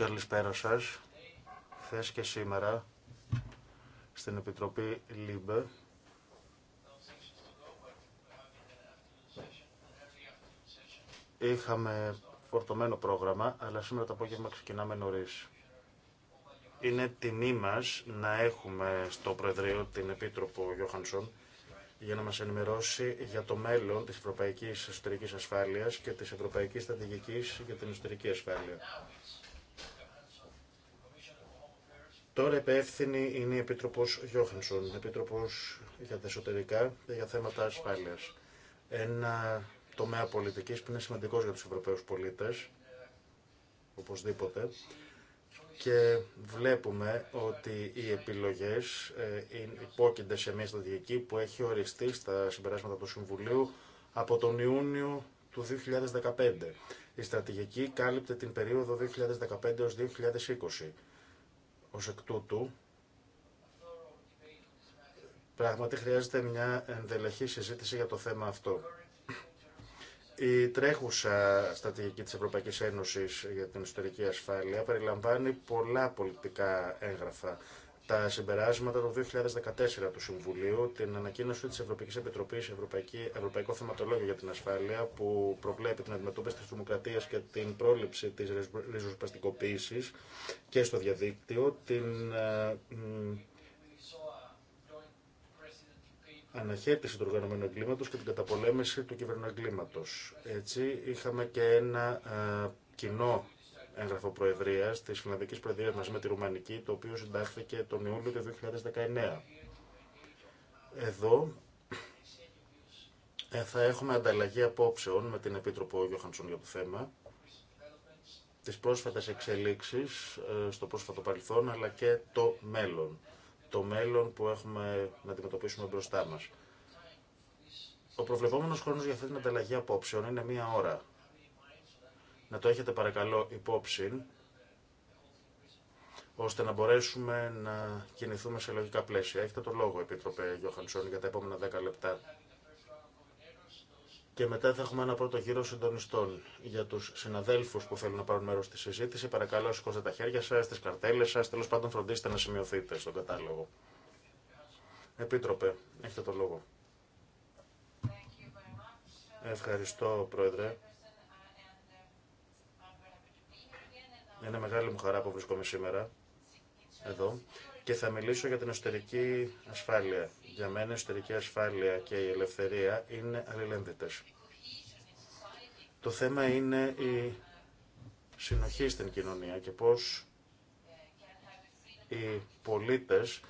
Καλησπέρα σας. Χθε και σήμερα στην Επιτροπή ΛΥΜΠΕ είχαμε φορτωμένο πρόγραμμα, αλλά σήμερα το απόγευμα ξεκινάμε νωρίς. Είναι τιμή μας να έχουμε στο Προεδρείο την Επίτροπο Γιώχανσον για να μας ενημερώσει για το μέλλον της Ευρωπαϊκής Εσωτερικής Ασφάλειας και της Ευρωπαϊκής Στρατηγικής για την Εσωτερική Ασφάλεια. Τώρα υπεύθυνη είναι η επίτροπο Γιώχανσον, επίτροπο για τα εσωτερικά και για θέματα ασφάλεια. Ένα τομέα πολιτική που είναι σημαντικό για του Ευρωπαίου πολίτε, οπωσδήποτε, και βλέπουμε ότι οι επιλογές ε, υπόκεινται σε μια στρατηγική που έχει οριστεί στα συμπεράσματα του Συμβουλίου από τον Ιούνιο του 2015. Η στρατηγική κάλυπτε την περίοδο 2015 έως 2020 ως εκ τούτου, πράγματι χρειάζεται μια ενδελεχή συζήτηση για το θέμα αυτό. Η τρέχουσα στρατηγική της Ευρωπαϊκής Ένωσης για την ιστορική ασφάλεια περιλαμβάνει πολλά πολιτικά έγγραφα τα συμπεράσματα του 2014 του Συμβουλίου, την ανακοίνωση τη Ευρωπαϊκή Επιτροπή Ευρωπαϊκή, Ευρωπαϊκό Θεματολόγιο για την Ασφάλεια, που προβλέπει την αντιμετώπιση τη τρομοκρατία και την πρόληψη τη ριζοσπαστικοποίηση και στο διαδίκτυο, την ε, αναχέτηση του οργανωμένου εγκλήματος και την καταπολέμηση του κυβερνοεγκλήματος. Έτσι, είχαμε και ένα ε, κοινό έγγραφο προεδρία τη Φιλανδική Προεδρία μαζί με τη Ρουμανική, το οποίο συντάχθηκε τον Ιούλιο του 2019. Εδώ ε, θα έχουμε ανταλλαγή απόψεων με την Επίτροπο Γιώχανσον για το θέμα, τις πρόσφατες εξελίξεις ε, στο πρόσφατο παρελθόν, αλλά και το μέλλον. Το μέλλον που έχουμε να αντιμετωπίσουμε μπροστά μας. Ο προβλεπόμενος χρόνος για αυτή την ανταλλαγή απόψεων είναι μία ώρα να το έχετε παρακαλώ υπόψη, ώστε να μπορέσουμε να κινηθούμε σε λογικά πλαίσια. Έχετε το λόγο, Επίτροπε Γιώχανσον, για τα επόμενα 10 λεπτά. Και μετά θα έχουμε ένα πρώτο γύρο συντονιστών. Για του συναδέλφου που θέλουν να πάρουν μέρο στη συζήτηση, παρακαλώ σηκώστε τα χέρια σα, τι καρτέλε σα. Τέλο πάντων, φροντίστε να σημειωθείτε στον κατάλογο. Επίτροπε, έχετε το λόγο. Ευχαριστώ, Πρόεδρε. Είναι μεγάλη μου χαρά που βρίσκομαι σήμερα εδώ και θα μιλήσω για την εσωτερική ασφάλεια. Για μένα η εσωτερική ασφάλεια και η ελευθερία είναι αλληλένδυτες. Το θέμα είναι η συνοχή στην κοινωνία και πώς οι πολίτες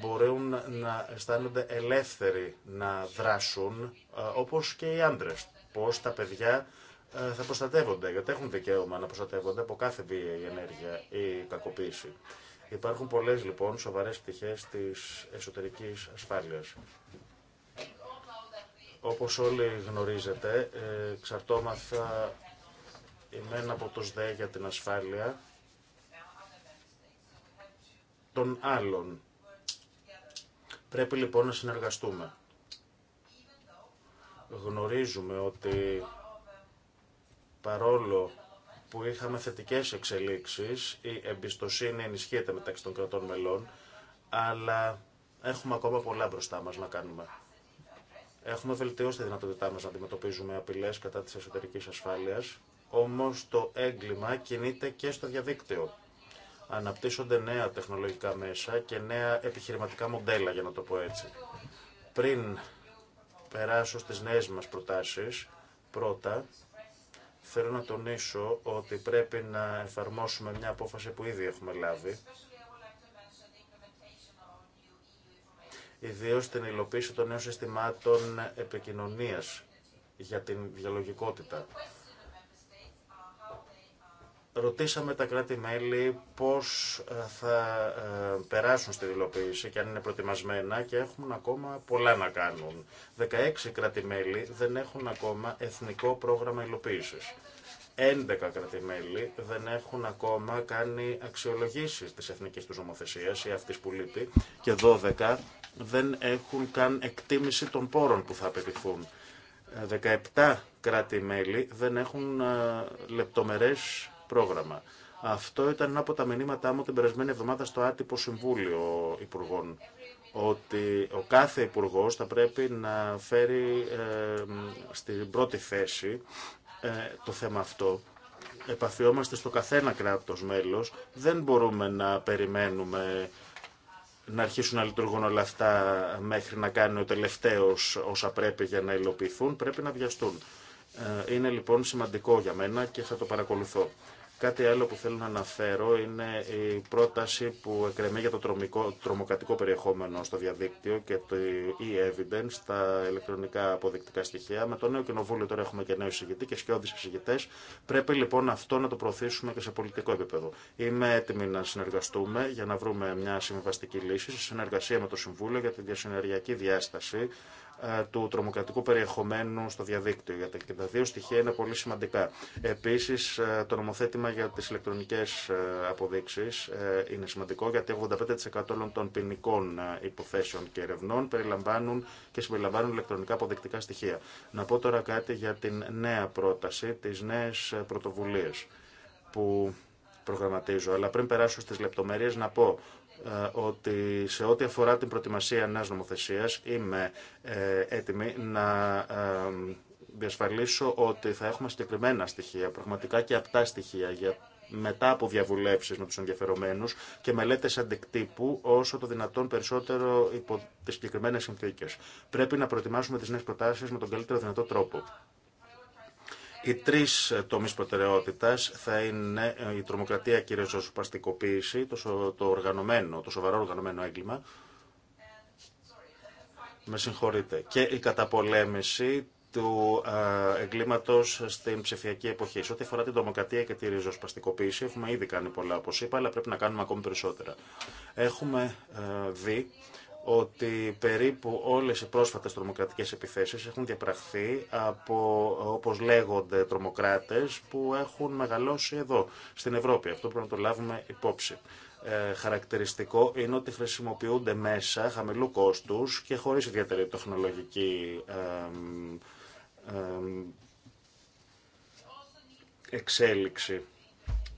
μπορούν να αισθάνονται ελεύθεροι να δράσουν ε, όπως και οι άντρες. Πώς τα παιδιά ε, θα προστατεύονται, γιατί έχουν δικαίωμα να προστατεύονται από κάθε βία η ενέργεια ή κακοποίηση. Υπάρχουν πολλές λοιπόν σοβαρές πτυχές της εσωτερικής ασφάλειας. Όπως όλοι γνωρίζετε, ε, εξαρτώμαθα ημένα από τους ΔΕ για την ασφάλεια των άλλων. Πρέπει λοιπόν να συνεργαστούμε. Γνωρίζουμε ότι παρόλο που είχαμε θετικές εξελίξεις, η εμπιστοσύνη ενισχύεται μεταξύ των κρατών μελών, αλλά έχουμε ακόμα πολλά μπροστά μας να κάνουμε. Έχουμε βελτιώσει τη δυνατότητά μας να αντιμετωπίζουμε απειλές κατά της εσωτερικής ασφάλειας, όμως το έγκλημα κινείται και στο διαδίκτυο. Αναπτύσσονται νέα τεχνολογικά μέσα και νέα επιχειρηματικά μοντέλα, για να το πω έτσι. Πριν περάσω στις νέες μας προτάσεις, πρώτα Θέλω να τονίσω ότι πρέπει να εφαρμόσουμε μια απόφαση που ήδη έχουμε λάβει, ιδίως την υλοποίηση των νέων συστημάτων επικοινωνίας για την διαλογικότητα. Ρωτήσαμε τα κράτη-μέλη πώς ε, θα ε, περάσουν στη δηλοποίηση και αν είναι προετοιμασμένα και έχουν ακόμα πολλά να κάνουν. 16 κράτη-μέλη δεν έχουν ακόμα εθνικό πρόγραμμα υλοποίησης. 11 κράτη-μέλη δεν έχουν ακόμα κάνει αξιολογήσεις της εθνικής του νομοθεσία ή αυτής που λείπει και 12 δεν έχουν καν εκτίμηση των πόρων που θα απαιτηθούν. 17 ε, κρατη δεν έχουν λεπτομερές πρόγραμμα. Αυτό ήταν ένα από τα μηνύματά μου την περασμένη εβδομάδα στο άτυπο Συμβούλιο Υπουργών. Ότι ο κάθε υπουργό θα πρέπει να φέρει ε, στην πρώτη θέση ε, το θέμα αυτό. Επαφιόμαστε στο καθένα κράτος μέλος. Δεν μπορούμε να περιμένουμε να αρχίσουν να λειτουργούν όλα αυτά μέχρι να κάνει ο τελευταίος όσα πρέπει για να υλοποιηθούν. Πρέπει να βιαστούν. Ε, είναι λοιπόν σημαντικό για μένα και θα το παρακολουθώ. Κάτι άλλο που θέλω να αναφέρω είναι η πρόταση που εκκρεμεί για το τρομικό, τρομοκρατικό περιεχόμενο στο διαδίκτυο και το e-evidence, τα ηλεκτρονικά αποδεικτικά στοιχεία. Με το νέο κοινοβούλιο τώρα έχουμε και νέου εισηγητή και σκιώδει εισηγητέ. Πρέπει λοιπόν αυτό να το προωθήσουμε και σε πολιτικό επίπεδο. Είμαι έτοιμη να συνεργαστούμε για να βρούμε μια συμβαστική λύση σε συνεργασία με το Συμβούλιο για τη διασυνεργειακή διάσταση ε, του τρομοκρατικού περιεχομένου στο διαδίκτυο. Γιατί και τα δύο στοιχεία είναι πολύ σημαντικά. Επίση, ε, το νομοθέτημα για τι ηλεκτρονικέ ε, αποδείξει είναι σημαντικό γιατί 85% των ποινικών υποθέσεων και ερευνών περιλαμβάνουν και συμπεριλαμβάνουν ηλεκτρονικά αποδεικτικά στοιχεία. Να πω τώρα κάτι για την νέα πρόταση, τι νέε πρωτοβουλίε που προγραμματίζω. Αλλά πριν περάσω στι λεπτομέρειε, να πω ε, ότι σε ό,τι αφορά την προετοιμασία νέας νομοθεσίας είμαι ε, έτοιμη να ε, διασφαλίσω ότι θα έχουμε συγκεκριμένα στοιχεία, πραγματικά και απτά στοιχεία για μετά από διαβουλεύσεις με τους ενδιαφερομένους και μελέτες αντικτύπου όσο το δυνατόν περισσότερο υπό τις συγκεκριμένες συνθήκες. Πρέπει να προετοιμάσουμε τις νέες προτάσεις με τον καλύτερο δυνατό τρόπο. Οι τρει ε, τομεί προτεραιότητα θα είναι ε, η τρομοκρατία και η ριζοσπαστικοποίηση, το, το, οργανωμένο, το σοβαρό οργανωμένο έγκλημα. Με συγχωρείτε. Και η καταπολέμηση του ε, εγκλήματο στην ψηφιακή εποχή. Σε ό,τι αφορά την τρομοκρατία και τη ριζοσπαστικοποίηση, έχουμε ήδη κάνει πολλά, όπω είπα, αλλά πρέπει να κάνουμε ακόμη περισσότερα. Έχουμε δει ότι περίπου όλες οι πρόσφατες τρομοκρατικές επιθέσεις έχουν διαπραχθεί από, όπως λέγονται, τρομοκράτες που έχουν μεγαλώσει εδώ, στην Ευρώπη. Αυτό πρέπει να το λάβουμε υπόψη. Ε, χαρακτηριστικό είναι ότι χρησιμοποιούνται μέσα χαμηλού κόστους και χωρίς ιδιαίτερη τεχνολογική ε, ε, εξέλιξη.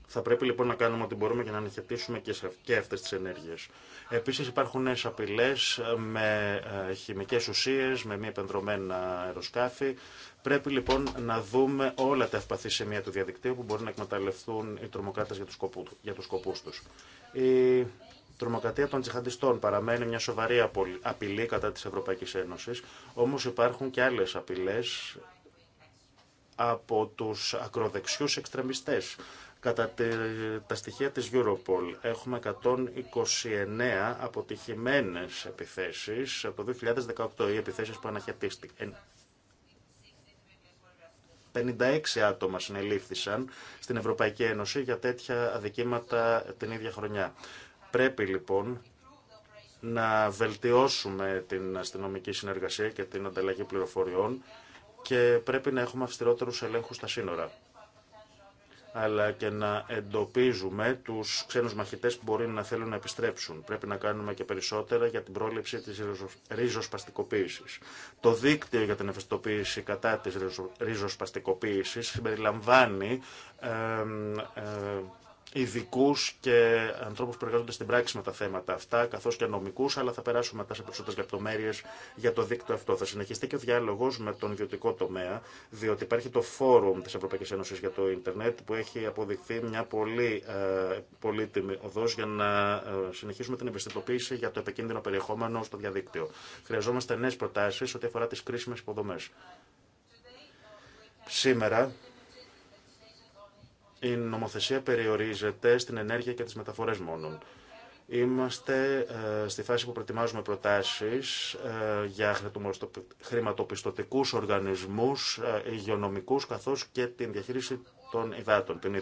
Θα πρέπει λοιπόν να κάνουμε ό,τι μπορούμε και να ανοιχετήσουμε και, σε, και αυτές τις ενέργειες. Επίσης υπάρχουν νέες απειλές με ε, χημικές ουσίες, με μη επενδρομένα αεροσκάφη. Πρέπει λοιπόν να δούμε όλα τα ευπαθή σημεία του διαδικτύου που μπορεί να εκμεταλλευτούν οι τρομοκράτες για τους, σκοπού, για τους σκοπούς τους. Η τρομοκρατία των τσιχαντιστών παραμένει μια σοβαρή απειλή κατά της Ευρωπαϊκής Ένωσης, όμως υπάρχουν και άλλες απειλές από τους ακροδεξιούς εξτρεμιστές Κατά τα στοιχεία της Europol έχουμε 129 αποτυχημένες επιθέσεις από το 2018, οι επιθέσεις που αναχαιτίστηκαν. 56 άτομα συνελήφθησαν στην Ευρωπαϊκή Ένωση για τέτοια αδικήματα την ίδια χρονιά. Πρέπει λοιπόν να βελτιώσουμε την αστυνομική συνεργασία και την ανταλλαγή πληροφοριών και πρέπει να έχουμε αυστηρότερους ελέγχους στα σύνορα αλλά και να εντοπίζουμε τους ξένους μαχητές που μπορεί να θέλουν να επιστρέψουν. Πρέπει να κάνουμε και περισσότερα για την πρόληψη της ριζοσπαστικοποίησης. Το δίκτυο για την ευαισθητοποίηση κατά της ριζοσπαστικοποίησης συμπεριλαμβάνει ε, ειδικού και ανθρώπου που εργάζονται στην πράξη με τα θέματα αυτά, καθώ και νομικού, αλλά θα περάσουμε μετά σε περισσότερε λεπτομέρειε για το δίκτυο αυτό. Θα συνεχιστεί και ο διάλογο με τον ιδιωτικό τομέα, διότι υπάρχει το Φόρουμ τη Ευρωπαϊκή Ένωση για το Ιντερνετ, που έχει αποδειχθεί μια πολύ ε, πολύτιμη οδό για να ε, συνεχίσουμε την ευαισθητοποίηση για το επικίνδυνο περιεχόμενο στο διαδίκτυο. Χρειαζόμαστε νέε προτάσει ό,τι αφορά τι κρίσιμε υποδομέ. Σήμερα η νομοθεσία περιορίζεται στην ενέργεια και τις μεταφορές μόνον. Είμαστε ε, στη φάση που προετοιμάζουμε προτάσεις ε, για χρηματοπιστωτικούς οργανισμούς, ε, υγειονομικούς καθώς και την διαχείριση των υδάτων, την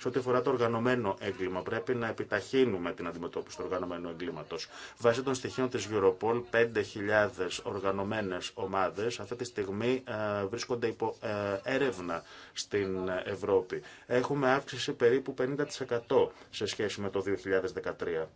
Σε ό,τι αφορά το οργανωμένο έγκλημα, πρέπει να επιταχύνουμε την αντιμετώπιση του οργανωμένου εγκλήματο. Βάσει των στοιχείων τη Europol, 5.000 οργανωμένε ομάδε αυτή τη στιγμή ε, βρίσκονται υπό ε, έρευνα στην Ευρώπη. Έχουμε αύξηση περίπου 50% σε σχέση με το 2013.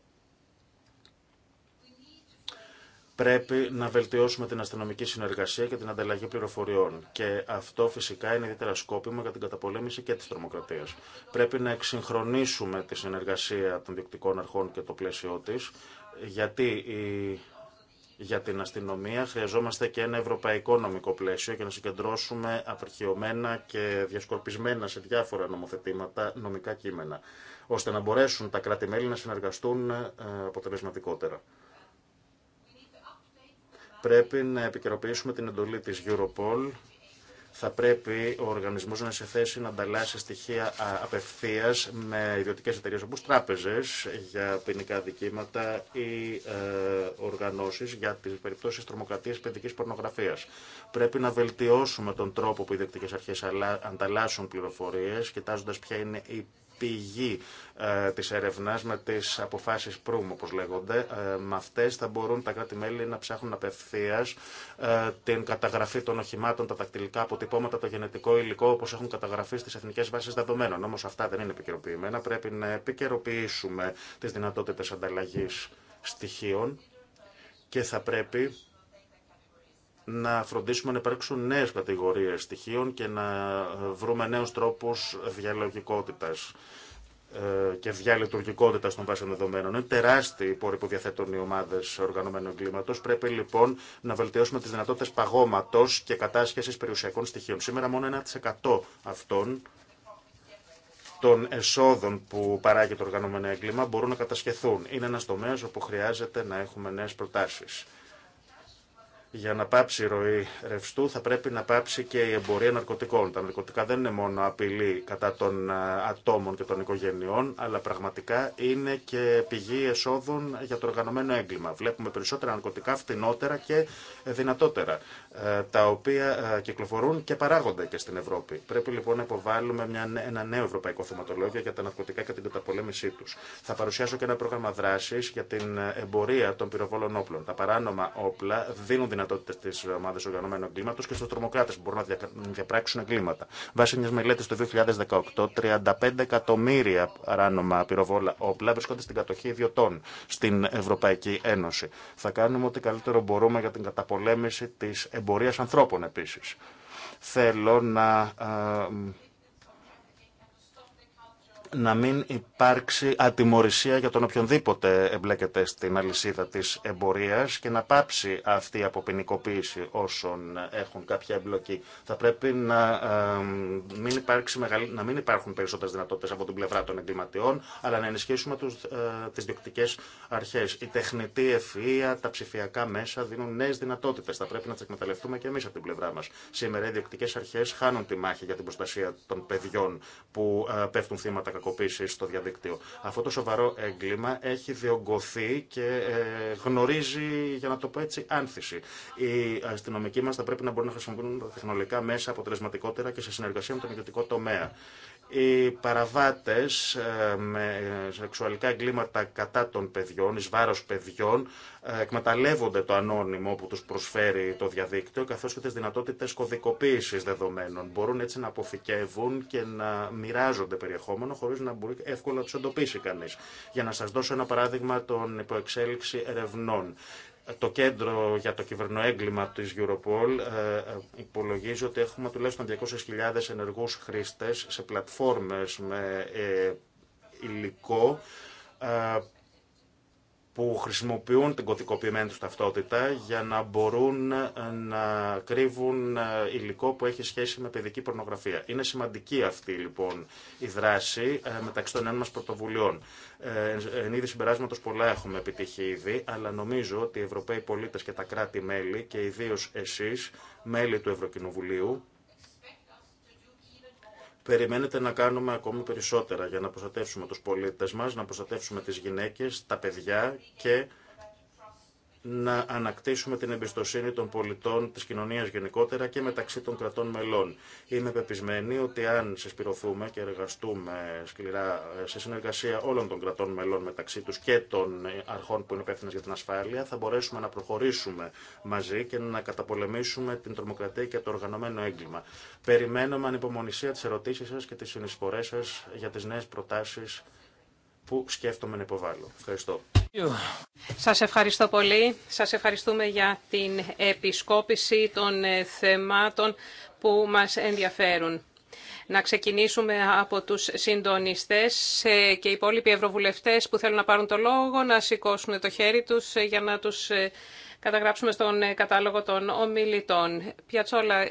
Πρέπει να βελτιώσουμε την αστυνομική συνεργασία και την ανταλλαγή πληροφοριών. Και αυτό φυσικά είναι ιδιαίτερα σκόπιμο για την καταπολέμηση και τη τρομοκρατία. Πρέπει να εξυγχρονίσουμε τη συνεργασία των διοκτικών αρχών και το πλαίσιο τη, γιατί για την αστυνομία χρειαζόμαστε και ένα ευρωπαϊκό νομικό πλαίσιο για να συγκεντρώσουμε απερχιωμένα και διασκορπισμένα σε διάφορα νομοθετήματα νομικά κείμενα, ώστε να μπορέσουν τα κράτη-μέλη να συνεργαστούν ε, αποτελεσματικότερα. Πρέπει να επικαιροποιήσουμε την εντολή της Europol. Θα πρέπει ο οργανισμός να είναι σε θέση να ανταλλάσσει στοιχεία απευθείας με ιδιωτικές εταιρείες όπως τράπεζες για ποινικά δικήματα ή ε, οργανώσεις για τις περιπτώσεις τρομοκρατίας παιδικής πορνογραφίας. Πρέπει να βελτιώσουμε τον τρόπο που οι διεκτικές αρχές ανταλλάσσουν πληροφορίες, κοιτάζοντας ποια είναι η πηγή ε, της έρευνας, με τις αποφάσεις προύμ, όπως λέγονται. Ε, με αυτές θα μπορούν τα κράτη-μέλη να ψάχνουν απευθεία ε, την καταγραφή των οχημάτων, τα δακτυλικά αποτυπώματα, το γενετικό υλικό, όπως έχουν καταγραφεί στις εθνικές βάσεις δεδομένων. Όμως αυτά δεν είναι επικαιροποιημένα. Πρέπει να επικαιροποιήσουμε τις δυνατότητες ανταλλαγής στοιχείων και θα πρέπει να φροντίσουμε να υπάρξουν νέε κατηγορίε στοιχείων και να βρούμε νέου τρόπου διαλογικότητα ε, και διαλειτουργικότητα των βάσεων δεδομένων. Είναι τεράστιοι οι πόροι που διαθέτουν οι ομάδε οργανωμένου εγκλήματο. Πρέπει λοιπόν να βελτιώσουμε τι δυνατότητε παγώματο και κατάσχεση περιουσιακών στοιχείων. Σήμερα μόνο 1% αυτών των εσόδων που παράγει το οργανωμένο έγκλημα μπορούν να κατασχεθούν. Είναι ένα τομέα όπου χρειάζεται να έχουμε νέε προτάσει για να πάψει η ροή ρευστού θα πρέπει να πάψει και η εμπορία ναρκωτικών. Τα ναρκωτικά δεν είναι μόνο απειλή κατά των ε, ατόμων και των οικογενειών, αλλά πραγματικά είναι και πηγή εσόδων για το οργανωμένο έγκλημα. Βλέπουμε περισσότερα ναρκωτικά φτηνότερα και δυνατότερα, ε, τα οποία ε, κυκλοφορούν και παράγονται και στην Ευρώπη. Πρέπει λοιπόν να υποβάλουμε μια, ένα νέο ευρωπαϊκό θεματολόγιο για τα ναρκωτικά και την καταπολέμησή του. Θα παρουσιάσω και ένα πρόγραμμα δράση για την εμπορία των πυροβόλων όπλων. Τα παράνομα όπλα δίνουν δυνατότητε τη ομάδα οργανωμένου εγκλήματο και στου τρομοκράτε που μπορούν να διαπράξουν εγκλήματα. Βάσει μια μελέτη το 2018, 35 εκατομμύρια παράνομα πυροβόλα όπλα βρίσκονται στην κατοχή ιδιωτών στην Ευρωπαϊκή Ένωση. Θα κάνουμε ό,τι καλύτερο μπορούμε για την καταπολέμηση τη εμπορία ανθρώπων επίση. Θέλω να ε, να μην υπάρξει ατιμορρησία για τον οποιονδήποτε εμπλέκεται στην αλυσίδα της εμπορίας και να πάψει αυτή η αποποινικοποίηση όσων έχουν κάποια εμπλοκή. Θα πρέπει να, μην, υπάρξει μεγαλ... να μην υπάρχουν περισσότερες δυνατότητες από την πλευρά των εγκληματιών, αλλά να ενισχύσουμε τους, ε, τις διοκτικές αρχές. Η τεχνητή ευφυΐα, τα ψηφιακά μέσα δίνουν νέες δυνατότητες. Θα πρέπει να τις εκμεταλλευτούμε και εμείς από την πλευρά μας. Σήμερα οι διοκτικές αρχές χάνουν τη μάχη για την προστασία των παιδιών που ε, πέφτουν θύματα κακοποίηση στο διαδίκτυο. Αυτό το σοβαρό έγκλημα έχει διωγγωθεί και ε, γνωρίζει, για να το πω έτσι, άνθηση. Οι αστυνομικοί μα θα πρέπει να μπορούν να χρησιμοποιούν τεχνολογικά μέσα αποτελεσματικότερα και σε συνεργασία με τον ιδιωτικό τομέα οι παραβάτες ε, με σεξουαλικά εγκλήματα κατά των παιδιών, εις βάρος παιδιών, ε, εκμεταλλεύονται το ανώνυμο που τους προσφέρει το διαδίκτυο, καθώς και τις δυνατότητες κωδικοποίησης δεδομένων. Μπορούν έτσι να αποθηκεύουν και να μοιράζονται περιεχόμενο, χωρίς να μπορεί εύκολα να τους εντοπίσει κανείς. Για να σας δώσω ένα παράδειγμα των υποεξέλιξη ερευνών. Το κέντρο για το κυβερνοέγκλημα της Europol ε, ε, υπολογίζει ότι έχουμε τουλάχιστον 200.000 ενεργούς χρήστες σε πλατφόρμες με ε, υλικό που χρησιμοποιούν την κωδικοποιημένη του ταυτότητα για να μπορούν ε, να κρύβουν ε, υλικό που έχει σχέση με παιδική πορνογραφία. Είναι σημαντική αυτή λοιπόν η δράση ε, μεταξύ των νέων μας πρωτοβουλειών. Εν είδη συμπεράσματος πολλά έχουμε επιτύχει ήδη, αλλά νομίζω ότι οι Ευρωπαίοι πολίτες και τα κράτη-μέλη και ιδίω εσείς, μέλη του Ευρωκοινοβουλίου, Περιμένετε να κάνουμε ακόμη περισσότερα για να προστατεύσουμε τους πολίτες μας, να προστατεύσουμε τις γυναίκες, τα παιδιά και να ανακτήσουμε την εμπιστοσύνη των πολιτών της κοινωνίας γενικότερα και μεταξύ των κρατών μελών. Είμαι πεπισμένη ότι αν συσπηρωθούμε και εργαστούμε σκληρά ε, σε συνεργασία όλων των κρατών μελών μεταξύ τους και των ε, αρχών που είναι υπεύθυνε για την ασφάλεια, θα μπορέσουμε να προχωρήσουμε μαζί και να καταπολεμήσουμε την τρομοκρατία και το οργανωμένο έγκλημα. Περιμένω με ανυπομονησία τις ερωτήσεις σας και τις συνεισφορές σας για τις νέες προτάσεις που σκέφτομαι να υποβάλω. Ευχαριστώ. Σας ευχαριστώ πολύ. Σας ευχαριστούμε για την επισκόπηση των ε, θεμάτων που μας ενδιαφέρουν. Να ξεκινήσουμε από τους συντονιστές ε, και οι υπόλοιποι ευρωβουλευτές που θέλουν να πάρουν το λόγο να σηκώσουν το χέρι τους ε, για να τους καταγράψουμε στον κατάλογο των ομιλητών. Πιατσόλα,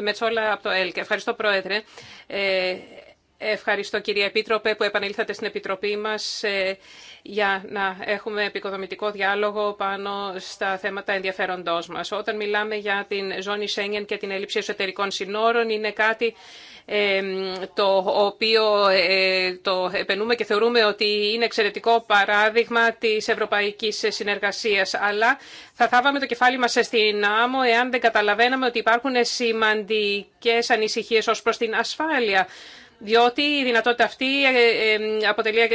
Μετσόλα από το ΕΛΚ. Ευχαριστώ Πρόεδρε. Ευχαριστώ κυρία Επίτροπε που επανήλθατε στην Επιτροπή μας ε, για να έχουμε επικοδομητικό διάλογο πάνω στα θέματα ενδιαφέροντός μας. Όταν μιλάμε για την ζώνη Σέγγεν και την έλλειψη εσωτερικών συνόρων είναι κάτι ε, το οποίο ε, το επενούμε και θεωρούμε ότι είναι εξαιρετικό παράδειγμα της ευρωπαϊκής συνεργασίας. Αλλά θα θάβαμε το κεφάλι μας στην άμμο εάν δεν καταλαβαίναμε ότι υπάρχουν σημαντικές ανησυχίες ως προς την ασφάλεια διότι η δυνατότητα αυτή ε, ε, αποτελεί ε,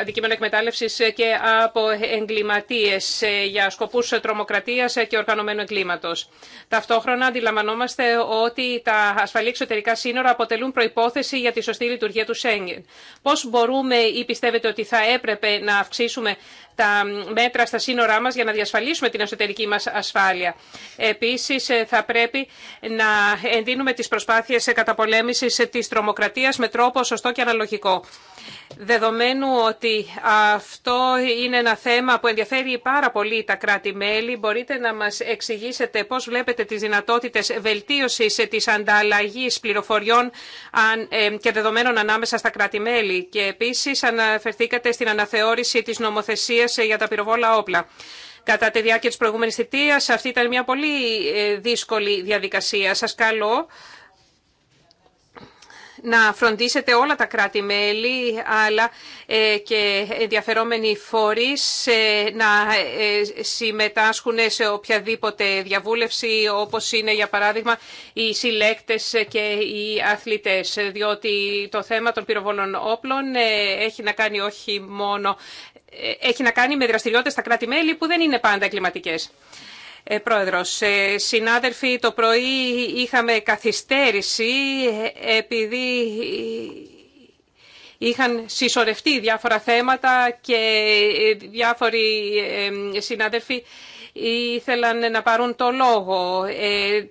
αντικείμενο εκμετάλλευσης και από εγκληματίες για σκοπούς τρομοκρατίας και οργανωμένου εγκλήματος. Ταυτόχρονα αντιλαμβανόμαστε ότι τα ασφαλή εξωτερικά σύνορα αποτελούν προϋπόθεση για τη σωστή λειτουργία του Σέγγεν. Πώς μπορούμε ή πιστεύετε ότι θα έπρεπε να αυξήσουμε τα μέτρα στα σύνορά μας για να διασφαλίσουμε την εσωτερική μας ασφάλεια. Επίσης θα πρέπει να εντείνουμε τις προσπάθειες καταπολέμησης της τρομοκρατίας με τρόπο σωστό και αναλογικό. Δεδομένου ότι αυτό είναι ένα θέμα που ενδιαφέρει πάρα πολύ τα κράτη-μέλη, μπορείτε να μας εξηγήσετε πώς βλέπετε τις δυνατότητες βελτίωσης της ανταλλαγής πληροφοριών και δεδομένων ανάμεσα στα κράτη-μέλη. Και επίσης αναφερθήκατε στην αναθεώρηση της νομοθεσίας για τα πυροβόλα όπλα. Κατά τη διάρκεια της προηγούμενης θητείας αυτή ήταν μια πολύ ε, δύσκολη διαδικασία. Σας καλώ να φροντίσετε όλα τα κράτη-μέλη αλλά ε, και ενδιαφερόμενοι φορείς ε, να ε, συμμετάσχουν σε οποιαδήποτε διαβούλευση όπως είναι για παράδειγμα οι συλλέκτες και οι αθλητές διότι το θέμα των πυροβολών όπλων έχει να κάνει όχι μόνο έχει να κάνει με δραστηριότητες στα κράτη-μέλη που δεν είναι πάντα εγκληματικές. Ε, πρόεδρος, ε, συνάδελφοι, το πρωί είχαμε καθυστέρηση ε, επειδή είχαν συσσωρευτεί διάφορα θέματα και διάφοροι συνάδελφοι ήθελαν να πάρουν το λόγο.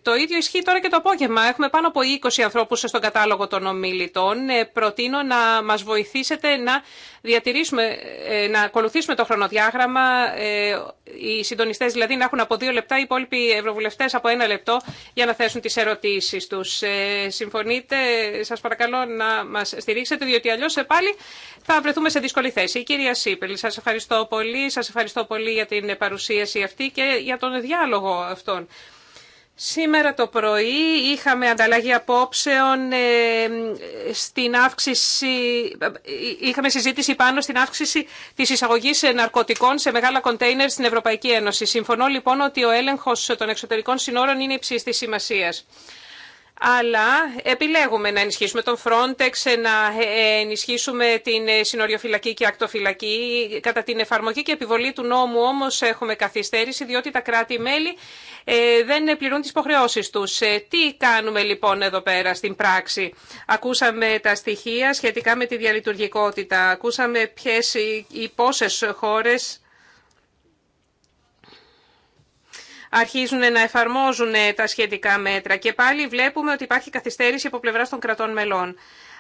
το ίδιο ισχύει τώρα και το απόγευμα. Έχουμε πάνω από 20 ανθρώπους στον κατάλογο των ομιλητών. προτείνω να μας βοηθήσετε να διατηρήσουμε, ε, να ακολουθήσουμε το χρονοδιάγραμμα, ε, οι συντονιστέ δηλαδή να έχουν από δύο λεπτά, οι υπόλοιποι ευρωβουλευτέ από ένα λεπτό για να θέσουν τι ερωτήσει του. Ε, συμφωνείτε, σα παρακαλώ να μα στηρίξετε, διότι αλλιώ πάλι θα βρεθούμε σε δύσκολη θέση. Η κυρία Σίπελ, σα ευχαριστώ πολύ. Σα ευχαριστώ πολύ για την παρουσίαση αυτή και για τον διάλογο αυτόν. Σήμερα το πρωί είχαμε ανταλλαγή απόψεων ε, στην αύξηση, ε, είχαμε συζήτηση πάνω στην αύξηση της εισαγωγής ναρκωτικών σε μεγάλα κοντέινερ στην Ευρωπαϊκή Ένωση. Συμφωνώ λοιπόν ότι ο έλεγχος των εξωτερικών συνόρων είναι υψηλής της σημασίας αλλά επιλέγουμε να ενισχύσουμε τον Frontex, να ε, ε, ενισχύσουμε την ε, συνοριοφυλακή και ακτοφυλακή. Κατά την εφαρμογή και επιβολή του νόμου όμως έχουμε καθυστέρηση, διότι τα κράτη-μέλη δεν πληρούν τις υποχρεώσεις τους. Τι κάνουμε λοιπόν εδώ πέρα στην πράξη. Ακούσαμε τα στοιχεία σχετικά με τη διαλειτουργικότητα. Ακούσαμε ποιες ή πόσες χώρες αρχίζουν να εφαρμόζουν ε, τα σχετικά μέτρα και πάλι βλέπουμε ότι υπάρχει καθυστέρηση από πλευρά των κρατών μελών.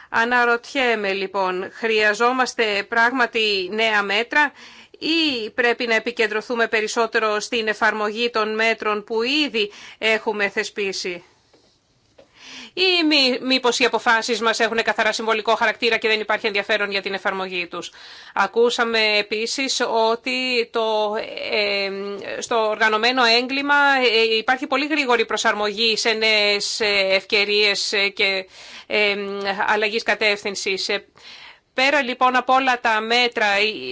Αναρωτιέμαι λοιπόν, χρειαζόμαστε πράγματι νέα μέτρα ή πρέπει να επικεντρωθούμε περισσότερο στην εφαρμογή των μέτρων που ήδη έχουμε θεσπίσει ή μή, οι αποφάσει μας έχουν καθαρά συμβολικό χαρακτήρα και δεν υπάρχει ενδιαφέρον για την εφαρμογή τους. Ακούσαμε επίσης ότι το, ε, στο οργανωμένο έγκλημα ε, υπάρχει πολύ γρήγορη προσαρμογή σε νέε ε, ευκαιρίες ε, και ε, αλλαγής κατεύθυνσης. Πέρα λοιπόν από όλα τα μέτρα,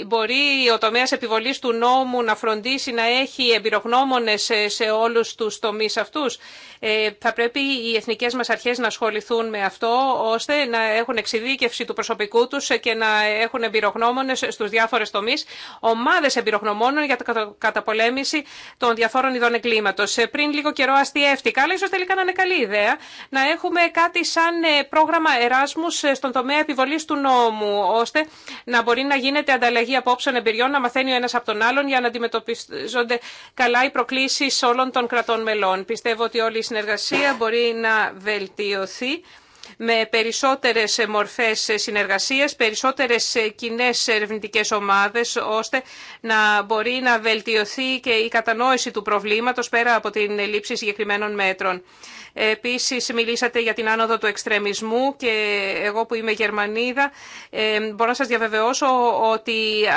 μπορεί ο τομέας επιβολής του νόμου να φροντίσει να έχει εμπειρογνώμονες σε όλους τους τομείς αυτούς. Ε, θα πρέπει οι εθνικέ μα αρχέ να ασχοληθούν με αυτό, ώστε να έχουν εξειδίκευση του προσωπικού του και να έχουν εμπειρογνώμονε στου διάφορε τομεί, ομάδε εμπειρογνωμόνων για την καταπολέμηση των διαφόρων ειδών εγκλήματος. Ε, πριν λίγο καιρό αστείευτηκα, αλλά ίσω τελικά να είναι καλή ιδέα, να έχουμε κάτι σαν ε, πρόγραμμα Εράσμου στον τομέα επιβολή του νόμου, ώστε να μπορεί να γίνεται ανταλλαγή απόψεων εμπειριών, να μαθαίνει ο ένα από τον άλλον για να αντιμετωπίζονται καλά οι προκλήσει όλων των κρατών μελών. Πιστεύω ότι όλοι συνεργασία μπορεί να βελτιωθεί με περισσότερες μορφές συνεργασίας, περισσότερες κοινέ ερευνητικέ ομάδες, ώστε να μπορεί να βελτιωθεί και η κατανόηση του προβλήματος πέρα από την λήψη συγκεκριμένων μέτρων. Επίση, μιλήσατε για την άνοδο του εξτρεμισμού και εγώ που είμαι Γερμανίδα ε, μπορώ να σας διαβεβαιώσω ότι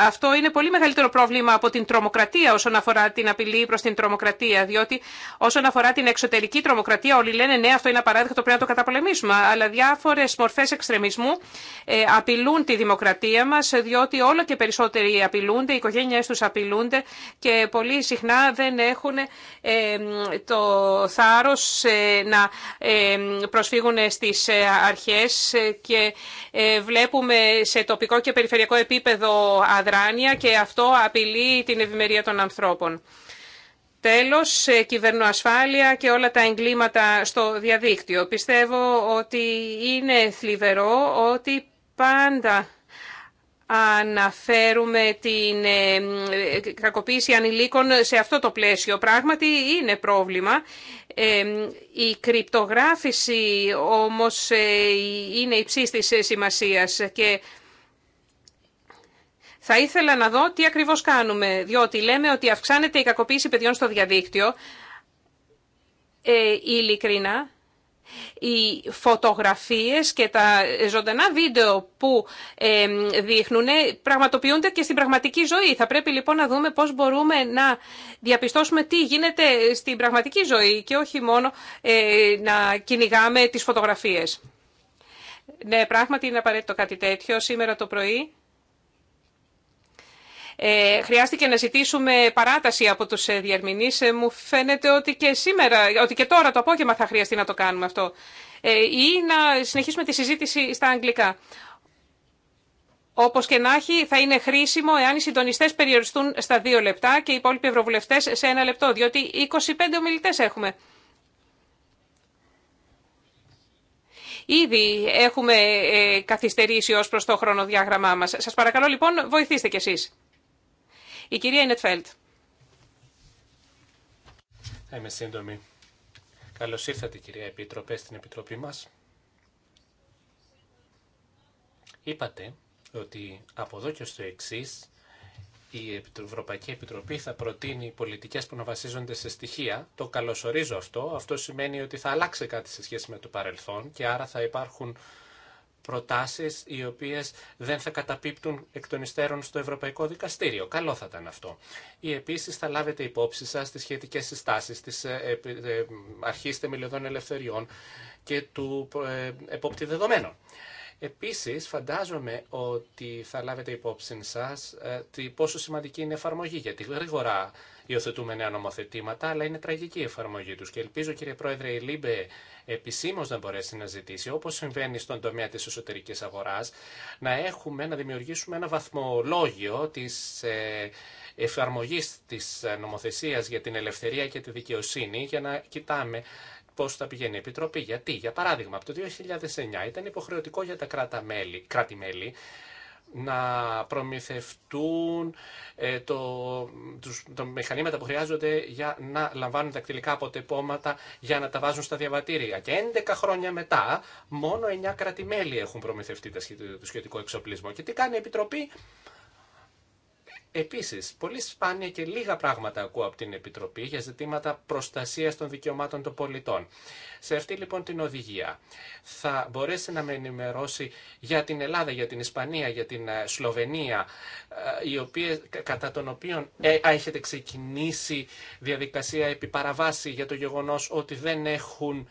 αυτό είναι πολύ μεγαλύτερο πρόβλημα από την τρομοκρατία όσον αφορά την απειλή προς την τρομοκρατία διότι όσον αφορά την εξωτερική τρομοκρατία όλοι λένε ναι αυτό είναι απαράδεκτο πρέπει να το καταπολεμήσουμε αλλά διάφορες μορφές εξτρεμισμού ε, απειλούν τη δημοκρατία μας διότι όλο και περισσότεροι απειλούνται, οι οικογένειε τους απειλούνται και πολύ συχνά δεν έχουν ε, το θάρρος να ε, προσφύγουν στις ε, αρχές και ε, βλέπουμε σε τοπικό και περιφερειακό επίπεδο αδράνεια και αυτό απειλεί την ευημερία των ανθρώπων. Τέλος, κυβερνοασφάλεια και όλα τα εγκλήματα στο διαδίκτυο. Πιστεύω ότι είναι θλιβερό ότι πάντα αναφέρουμε την ε, ε, κακοποίηση ανηλίκων σε αυτό το πλαίσιο. Πράγματι είναι πρόβλημα. Ε, η κρυπτογράφηση όμως είναι υψίστης σημασίας και θα ήθελα να δω τι ακριβώς κάνουμε, διότι λέμε ότι αυξάνεται η κακοποίηση παιδιών στο διαδίκτυο. Ε, ειλικρινά, οι φωτογραφίες και τα ζωντανά βίντεο που δείχνουν ε, πραγματοποιούνται και στην πραγματική ζωή. Θα πρέπει λοιπόν να δούμε πώς μπορούμε να διαπιστώσουμε τι γίνεται στην πραγματική ζωή και όχι μόνο ε, να κυνηγάμε τις φωτογραφίες. Ναι, πράγματι είναι απαραίτητο κάτι τέτοιο. Σήμερα το πρωί ε, χρειάστηκε να ζητήσουμε παράταση από τους ε, διερμηνείς. Ε, μου φαίνεται ότι και σήμερα, ότι και τώρα το απόγευμα θα χρειαστεί να το κάνουμε αυτό. Ε, ή να συνεχίσουμε τη συζήτηση στα αγγλικά. Όπως και να έχει, θα είναι χρήσιμο εάν οι συντονιστές περιοριστούν στα δύο λεπτά και οι υπόλοιποι ευρωβουλευτές σε ένα λεπτό, διότι 25 ομιλητέ έχουμε. Ήδη έχουμε ε, καθυστερήσει ως προς το χρονοδιάγραμμά μας. Σας παρακαλώ λοιπόν βοηθήστε κι εσείς. Η κυρία Ινετφέλτ. Θα είμαι σύντομη. καλώ ήρθατε κυρία Επίτροπε στην Επιτροπή μας. Είπατε ότι από εδώ και στο εξή η Ευρωπαϊκή Επιτροπή θα προτείνει πολιτικές που να βασίζονται σε στοιχεία. Το καλωσορίζω αυτό. Αυτό σημαίνει ότι θα αλλάξει κάτι σε σχέση με το παρελθόν και άρα θα υπάρχουν προτάσεις οι οποίες δεν θα καταπίπτουν εκ των υστέρων στο Ευρωπαϊκό Δικαστήριο. Καλό θα ήταν αυτό. Ή επίσης θα λάβετε υπόψη σας τις σχετικές συστάσεις της ε, ε, Αρχής Θεμελιωδών Ελευθεριών και του ε, Επόπτη Δεδομένων. Επίσης, φαντάζομαι ότι θα λάβετε υπόψη σας ε, πόσο σημαντική είναι η εφαρμογή, γιατί γρήγορα υιοθετούμε νέα νομοθετήματα, αλλά είναι τραγική η εφαρμογή τους. Και ελπίζω, κύριε Πρόεδρε, η Λίμπε επισήμως να μπορέσει να ζητήσει, όπως συμβαίνει στον τομέα της εσωτερικής αγοράς, να έχουμε, να δημιουργήσουμε ένα βαθμολόγιο της ε, εφαρμογής της ε, νομοθεσίας για την ελευθερία και τη δικαιοσύνη, για να κοιτάμε πώ θα πηγαίνει η Επιτροπή. Γιατί, για παράδειγμα, από το 2009 ήταν υποχρεωτικό για τα κράτη-μέλη να προμηθευτούν ε, το, τους, το μηχανήματα που χρειάζονται για να λαμβάνουν κτηλικά αποτεπώματα για να τα βάζουν στα διαβατήρια. Και 11 χρόνια μετά, μόνο 9 κράτη-μέλη έχουν προμηθευτεί το σχετικό εξοπλισμό. Και τι κάνει η Επιτροπή, Επίση, πολύ σπάνια και λίγα πράγματα ακούω από την Επιτροπή για ζητήματα προστασίας των δικαιωμάτων των πολιτών. Σε αυτή λοιπόν την οδηγία θα μπορέσει να με ενημερώσει για την Ελλάδα, για την Ισπανία, για την ε, Σλοβενία, οι ε, οποίες, κατά των οποίων ε, έχετε ξεκινήσει διαδικασία επί για το γεγονό ότι δεν έχουν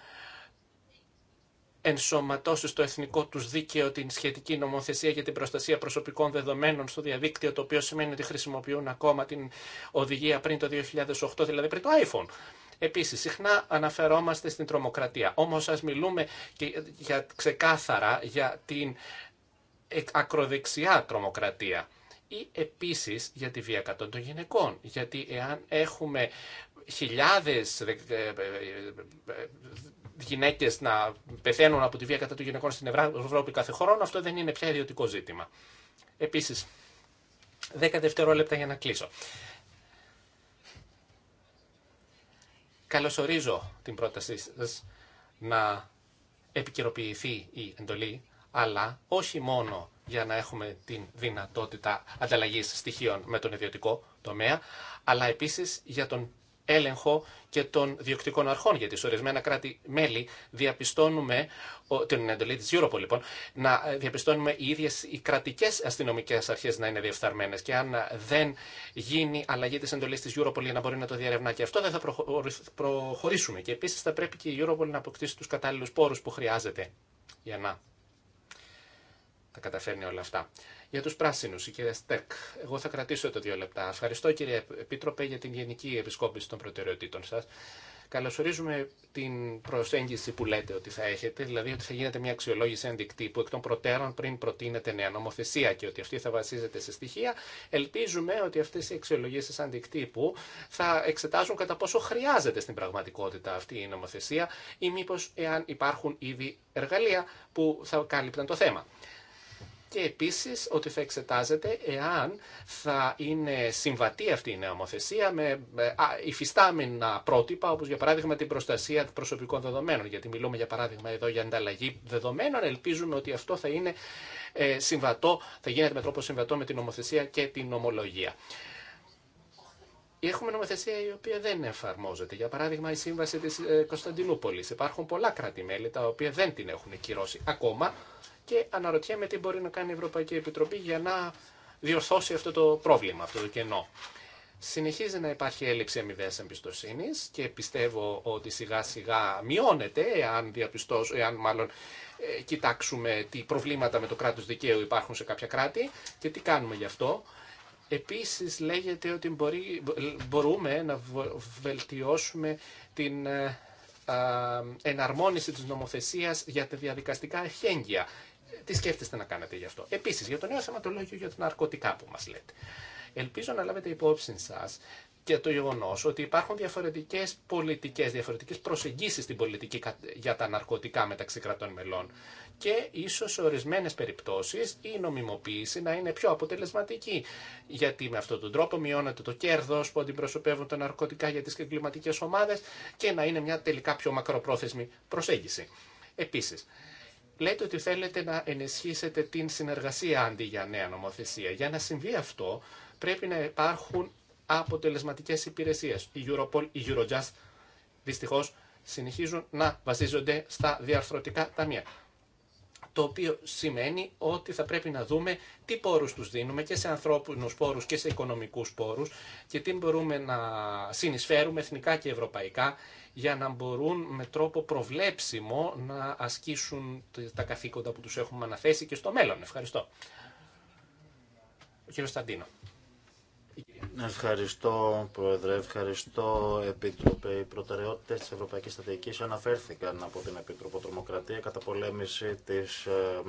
Ενσωματώσει στο εθνικό του δίκαιο την σχετική νομοθεσία για την προστασία προσωπικών δεδομένων στο διαδίκτυο, το οποίο σημαίνει ότι χρησιμοποιούν ακόμα την οδηγία πριν το 2008, δηλαδή πριν το iPhone. Επίσης, συχνά αναφερόμαστε στην τρομοκρατία. Όμω ας μιλούμε και για, ξεκάθαρα για την ακροδεξιά τρομοκρατία ή επίσης για τη βία κατά των γυναικών. Γιατί εάν έχουμε χιλιάδες ε, ε, ε, γυναίκε να πεθαίνουν από τη βία κατά των γυναικών στην Ευρώπη κάθε χρόνο, αυτό δεν είναι πια ιδιωτικό ζήτημα. Επίση, 10 δευτερόλεπτα για να κλείσω. Καλωσορίζω την πρότασή σας να επικαιροποιηθεί η εντολή, αλλά όχι μόνο για να έχουμε την δυνατότητα ανταλλαγής στοιχείων με τον ιδιωτικό τομέα, αλλά επίσης για τον έλεγχο και των διοκτικών αρχών, γιατί σε ορισμένα κράτη-μέλη διαπιστώνουμε, την εντολή τη Europol λοιπόν, να ε, διαπιστώνουμε οι ίδιε οι κρατικέ αστυνομικέ αρχέ να είναι διεφθαρμένε. Και αν ε, δεν γίνει αλλαγή τη εντολή τη Europol για να μπορεί να το διαρευνά και αυτό, δεν θα προχωρήσουμε. Και επίση θα πρέπει και η Europol να αποκτήσει του κατάλληλου πόρου που χρειάζεται για να τα καταφέρνει όλα αυτά. Για τους πράσινους, η κυρία Στέκ, εγώ θα κρατήσω τα δύο λεπτά. Ευχαριστώ κύριε Επίτροπε για την γενική επισκόπηση των προτεραιοτήτων σας. Καλωσορίζουμε την προσέγγιση που λέτε ότι θα έχετε, δηλαδή ότι θα γίνεται μια αξιολόγηση αντικτύπου εκ των προτέρων πριν προτείνεται νέα νομοθεσία και ότι αυτή θα βασίζεται σε στοιχεία. Ελπίζουμε ότι αυτέ οι αξιολογήσει αντικτύπου θα εξετάζουν κατά πόσο χρειάζεται στην πραγματικότητα αυτή η νομοθεσία ή μήπω εάν υπάρχουν ήδη εργαλεία που θα κάλυπταν το θέμα και επίσης ότι θα εξετάζεται εάν θα είναι συμβατή αυτή η νομοθεσία με ε, υφιστάμενα πρότυπα, όπως για παράδειγμα την προστασία προσωπικών δεδομένων, γιατί μιλούμε για παράδειγμα εδώ για ανταλλαγή δεδομένων, ελπίζουμε ότι αυτό θα είναι ε, συμβατό, θα γίνεται με τρόπο συμβατό με την νομοθεσία και την ομολογία. Έχουμε νομοθεσία η οποία δεν εφαρμόζεται. Για παράδειγμα, η Σύμβαση τη ε, Κωνσταντινούπολη. Υπάρχουν πολλά κράτη-μέλη τα οποία δεν την έχουν κυρώσει ακόμα και αναρωτιέμαι τι μπορεί να κάνει η Ευρωπαϊκή Επιτροπή για να διορθώσει αυτό το πρόβλημα, αυτό το κενό. Συνεχίζει να υπάρχει έλλειψη αμοιβέ εμπιστοσύνη και πιστεύω ότι σιγά σιγά μειώνεται, εάν, εάν μάλλον ε, κοιτάξουμε τι προβλήματα με το κράτος δικαίου υπάρχουν σε κάποια κράτη και τι κάνουμε γι' αυτό. Επίση, λέγεται ότι μπορεί, μπορούμε να βελτιώσουμε την ε, εναρμόνιση τη νομοθεσία για τα διαδικαστικά εχέγγυα τι σκέφτεστε να κάνετε γι' αυτό. Επίση, για το νέο θεματολόγιο για τα ναρκωτικά που μα λέτε. Ελπίζω να λάβετε υπόψη σα και το γεγονό ότι υπάρχουν διαφορετικέ πολιτικέ, διαφορετικέ προσεγγίσει στην πολιτική για τα ναρκωτικά μεταξύ κρατών μελών. Και ίσω σε ορισμένε περιπτώσει η νομιμοποίηση να είναι πιο αποτελεσματική. Γιατί με αυτόν τον τρόπο μειώνεται το κέρδο που αντιπροσωπεύουν τα ναρκωτικά για τι εγκληματικέ ομάδε και να είναι μια τελικά πιο μακροπρόθεσμη προσέγγιση. Επίση, λέτε ότι θέλετε να ενισχύσετε την συνεργασία αντί για νέα νομοθεσία. Για να συμβεί αυτό πρέπει να υπάρχουν αποτελεσματικές υπηρεσίες. Η Europol, η Eurojust δυστυχώς συνεχίζουν να βασίζονται στα διαρθρωτικά ταμεία. Το οποίο σημαίνει ότι θα πρέπει να δούμε τι πόρους τους δίνουμε και σε ανθρώπινους πόρους και σε οικονομικού πόρου και τι μπορούμε να συνεισφέρουμε εθνικά και ευρωπαϊκά για να μπορούν με τρόπο προβλέψιμο να ασκήσουν τα καθήκοντα που τους έχουμε αναθέσει και στο μέλλον. Ευχαριστώ. Ο κ. Σταντίνο. Ευχαριστώ, Πρόεδρε. Ευχαριστώ, Επίτροπε. Οι προτεραιότητε τη Ευρωπαϊκή Στρατηγική αναφέρθηκαν από την Επίτροπο Τρομοκρατία κατά πολέμηση της, ε,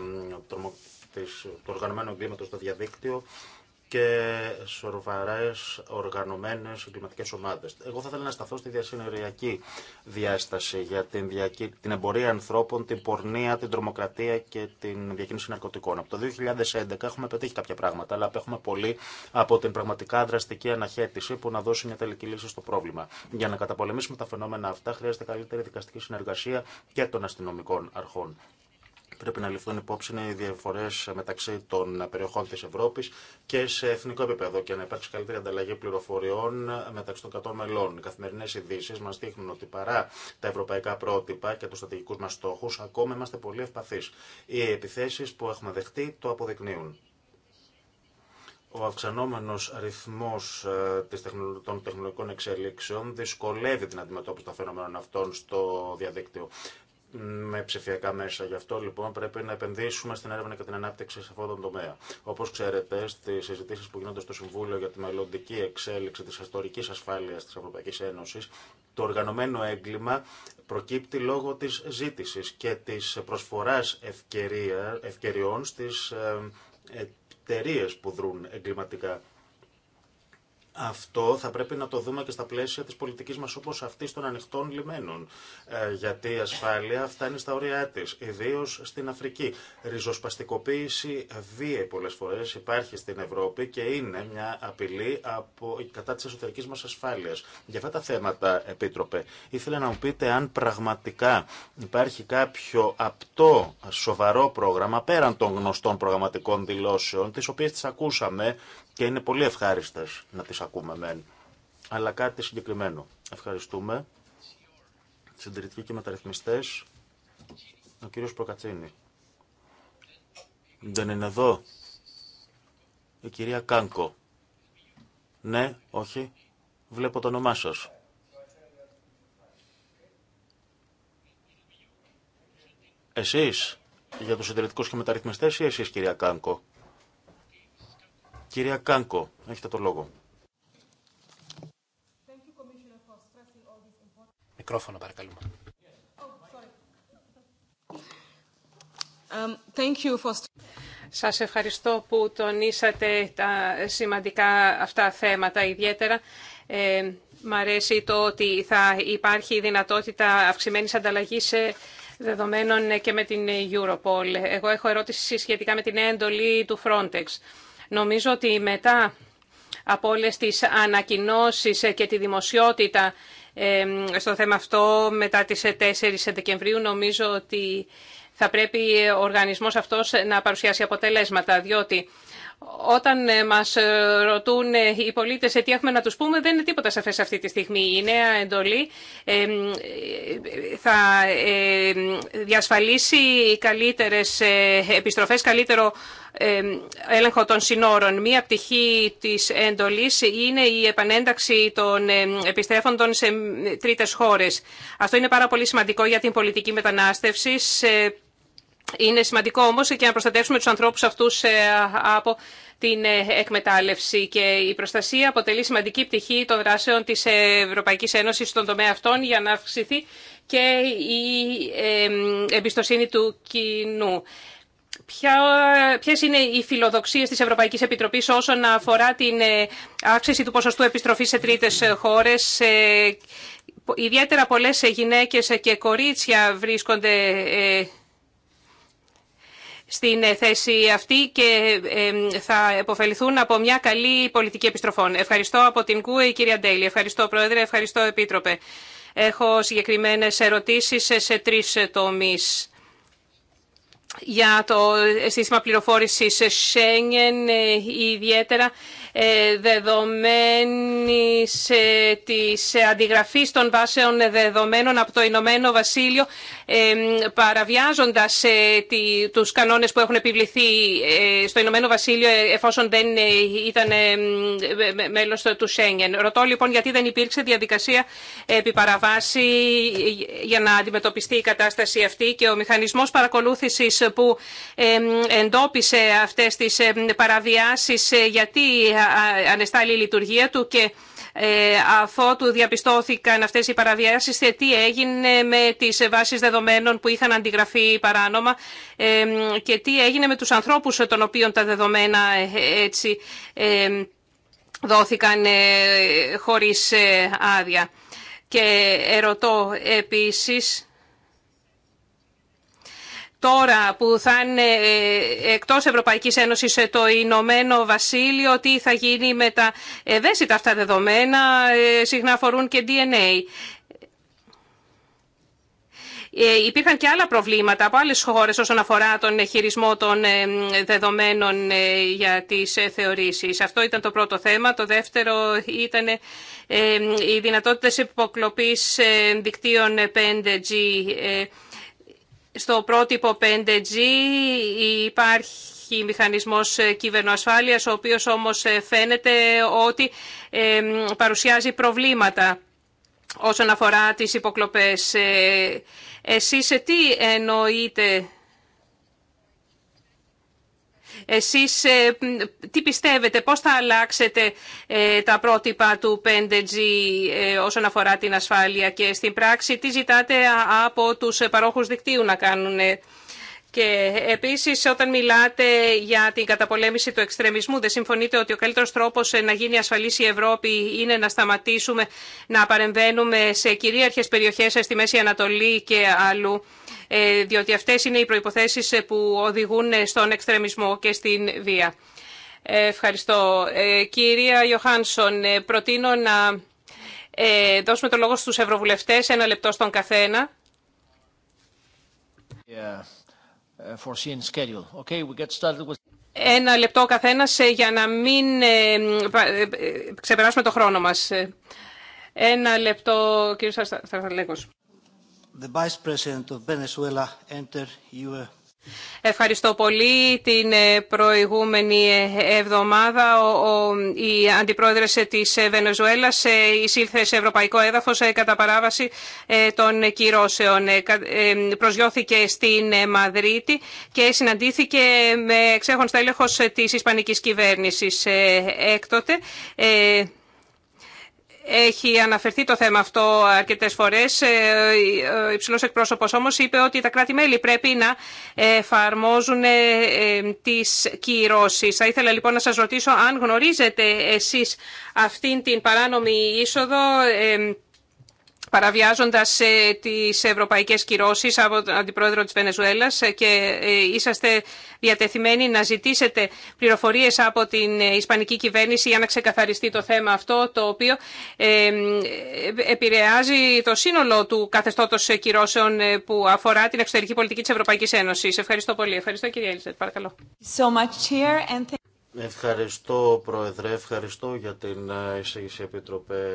του οργανωμένου εγκλήματο στο διαδίκτυο, και σοβαρέ οργανωμένε εγκληματικέ ομάδε. Εγώ θα ήθελα να σταθώ στη διασυνοριακή διάσταση για την, την εμπορία ανθρώπων, την πορνεία, την τρομοκρατία και την διακίνηση ναρκωτικών. Από το 2011 έχουμε πετύχει κάποια πράγματα, αλλά απέχουμε πολύ από την πραγματικά δραστική αναχέτηση που να δώσει μια τελική λύση στο πρόβλημα. Για να καταπολεμήσουμε τα φαινόμενα αυτά, χρειάζεται καλύτερη δικαστική συνεργασία και των αστυνομικών αρχών. Πρέπει να ληφθούν υπόψη οι διαφορέ μεταξύ των περιοχών τη Ευρώπη και σε εθνικό επίπεδο και να υπάρξει καλύτερη ανταλλαγή πληροφοριών μεταξύ των 100 μελών. Οι καθημερινέ ειδήσει μα δείχνουν ότι παρά τα ευρωπαϊκά πρότυπα και του στρατηγικού μα στόχου, ακόμα είμαστε πολύ ευπαθεί. Οι επιθέσει που έχουμε δεχτεί το αποδεικνύουν ο αυξανόμενο ρυθμός ε, των τεχνολογικών εξελίξεων δυσκολεύει την αντιμετώπιση των φαινομένων αυτών στο διαδίκτυο με ψηφιακά μέσα. Γι' αυτό λοιπόν πρέπει να επενδύσουμε στην έρευνα και την ανάπτυξη σε αυτόν τον τομέα. Όπω ξέρετε, στι συζητήσει που γίνονται στο Συμβούλιο για τη μελλοντική εξέλιξη τη ιστορική ασφάλεια τη Ευρωπαϊκή Ένωση, το οργανωμένο έγκλημα προκύπτει λόγω τη ζήτηση και τη προσφορά ευκαιριών στι ε, εταιρείε που δρούν εγκληματικά. Αυτό θα πρέπει να το δούμε και στα πλαίσια της πολιτικής μας όπως αυτή των ανοιχτών λιμένων. Ε, γιατί η ασφάλεια φτάνει στα όρια της, ιδίως στην Αφρική. Ριζοσπαστικοποίηση βίαιη πολλές φορές υπάρχει στην Ευρώπη και είναι μια απειλή από, κατά της εσωτερικής μας ασφάλειας. Για αυτά τα θέματα, Επίτροπε, ήθελα να μου πείτε αν πραγματικά υπάρχει κάποιο απτό σοβαρό πρόγραμμα πέραν των γνωστών προγραμματικών δηλώσεων, τις οποίες τις ακούσαμε και είναι πολύ ευχάριστε να τι ακούμε μεν, αλλά κάτι συγκεκριμένο. Ευχαριστούμε. Συντηρητικοί και μεταρρυθμιστέ, ο κύριο Προκατσίνη. Δεν είναι εδώ. Η κυρία Κάνκο. Ναι, όχι. Βλέπω το όνομά σας. Εσείς, για τους συντηρητικούς και μεταρρυθμιστές ή εσείς κυρία Κάνκο. Κυρία Κάνκο, έχετε το λόγο. Μικρόφωνο παρακαλούμε. Um, Σας ευχαριστώ που τονίσατε τα σημαντικά αυτά θέματα ιδιαίτερα. Ε, μ' αρέσει το ότι θα υπάρχει δυνατότητα αυξημένης ανταλλαγής ε, δεδομένων ε, και με την Europol. Εγώ έχω ερώτηση σχετικά με την έντολη του Frontex. Νομίζω ότι μετά από όλες τις ανακοινώσεις και τη δημοσιότητα στο θέμα αυτό μετά τις 4 Δεκεμβρίου νομίζω ότι θα πρέπει ο οργανισμός αυτός να παρουσιάσει αποτελέσματα, διότι όταν ε, μας ε, ρωτούν ε, οι πολίτες τι έχουμε να τους πούμε, δεν είναι τίποτα σαφές αυτή τη στιγμή. Η νέα εντολή θα διασφαλίσει καλύτερες επιστροφές, καλύτερο έλεγχο των συνόρων. Μία πτυχή της εντολής είναι η επανένταξη των επιστρέφοντων σε τρίτες χώρες. Αυτό είναι πάρα πολύ σημαντικό για την πολιτική μετανάστευση είναι σημαντικό όμως και να προστατεύσουμε τους ανθρώπους αυτούς ε, από την ε, εκμετάλλευση και η προστασία αποτελεί σημαντική πτυχή των δράσεων της Ευρωπαϊκής Ένωσης στον τομέα αυτών για να αυξηθεί και η ε, εμπιστοσύνη του κοινού. Ποιε είναι οι φιλοδοξίες της Ευρωπαϊκής Επιτροπής όσον αφορά την αύξηση του ποσοστού επιστροφής σε τρίτες χώρες Ιδιαίτερα πολλές γυναίκες και κορίτσια βρίσκονται στην ε, θέση αυτή και ε, θα επωφεληθούν από μια καλή πολιτική επιστροφών. Ευχαριστώ από την ΚΟΕ η κυρία Ντέιλι. Ευχαριστώ Πρόεδρε, ευχαριστώ Επίτροπε. Έχω συγκεκριμένες ερωτήσεις σε τρεις τομείς για το σύστημα πληροφόρησης Schengen, ε, ιδιαίτερα ε, δεδομένης της ε, αντιγραφής των βάσεων δεδομένων από το Ηνωμένο Βασίλειο ε, παραβιάζοντας τους κανόνες που έχουν επιβληθεί στο Ηνωμένο Βασίλειο εφόσον δεν ήταν μέλος του Σέγγεν. Ρωτώ λοιπόν γιατί δεν υπήρξε διαδικασία επιπαραβάση για να αντιμετωπιστεί η κατάσταση αυτή και ο μηχανισμός παρακολούθησης που εντόπισε αυτές τις παραβιάσεις γιατί ε, ανεστάλλει η λειτουργία του και ε, αφότου διαπιστώθηκαν αυτές οι παραβιάσεις, ε, τι έγινε με τις βάσεις δεδομένων που είχαν αντιγραφεί παράνομα και τι έγινε με τους ανθρώπους των οποίων τα δεδομένα έτσι δόθηκαν χωρίς άδεια. Και ερωτώ επίσης Τώρα που θα είναι ε, εκτός Ευρωπαϊκής Ένωσης ε, το Ηνωμένο Βασίλειο, τι θα γίνει με τα ευαίσθητα αυτά δεδομένα, ε, συχνά αφορούν και DNA. Υπήρχαν και άλλα προβλήματα από άλλες χώρες όσον αφορά τον χειρισμό των δεδομένων για τις θεωρήσεις. Αυτό ήταν το πρώτο θέμα. Το δεύτερο ήταν οι δυνατότητες υποκλοπής δικτύων 5G στο πρότυπο 5G υπάρχει μηχανισμός κυβερνοασφάλειας, ο οποίος όμως ε, φαίνεται ότι ε, παρουσιάζει προβλήματα όσον αφορά τις υποκλοπές. Ε, εσείς τι εννοείτε εσείς ε, τι πιστεύετε, πώς θα αλλάξετε ε, τα πρότυπα του 5G ε, όσον αφορά την ασφάλεια και στην πράξη τι ζητάτε από τους παρόχους δικτύου να κάνουν. Και επίσης όταν μιλάτε για την καταπολέμηση του εξτρεμισμού δεν συμφωνείτε ότι ο καλύτερος τρόπος να γίνει ασφαλής η Ευρώπη είναι να σταματήσουμε να παρεμβαίνουμε σε κυρίαρχες περιοχές στη Μέση Ανατολή και αλλού ε, διότι αυτές είναι οι προϋποθέσεις ε, που οδηγούν ε, στον εξτρεμισμό και στην βία. Ευχαριστώ. Κυρία Ιωχάνσον, προτείνω να δώσουμε το λόγο στους ευρωβουλευτές, ένα λεπτό στον καθένα. Ένα λεπτό ο καθένας για να μην ξεπεράσουμε το χρόνο μας. Ένα λεπτό, κύριε Σαρθαλέγκος. Ευχαριστώ πολύ. Την ε, προηγούμενη ε, εβδομάδα ο, ο, η αντιπρόεδρος της ε, Βενεζουέλας εισήλθε σε ευρωπαϊκό έδαφος κατά παράβαση των κυρώσεων. Προσγειώθηκε στην Μαδρίτη και συναντήθηκε με εξέχον στέλεχος της Ισπανικής κυβέρνησης έκτοτε. Έχει αναφερθεί το θέμα αυτό αρκετέ φορέ. Ο ε, ε, υψηλό εκπρόσωπο όμω είπε ότι τα κράτη-μέλη πρέπει να εφαρμόζουν ε, τι κυρώσει. Θα ήθελα λοιπόν να σα ρωτήσω αν γνωρίζετε εσεί αυτήν την παράνομη είσοδο παραβιάζοντας ε, τις ευρωπαϊκές κυρώσεις από τον Αντιπρόεδρο της Βενεζουέλας ε, και ε, είσαστε διατεθειμένοι να ζητήσετε πληροφορίες από την Ισπανική κυβέρνηση για να ξεκαθαριστεί το θέμα αυτό, το οποίο επηρεάζει το σύνολο του καθεστώτος κυρώσεων που αφορά την εξωτερική πολιτική της Ευρωπαϊκής Ένωσης. Ευχαριστώ πολύ. Ευχαριστώ κυρία Έλισετ. Παρακαλώ. Ευχαριστώ Πρόεδρε, ευχαριστώ για την ε, εισήγηση Επίτροπε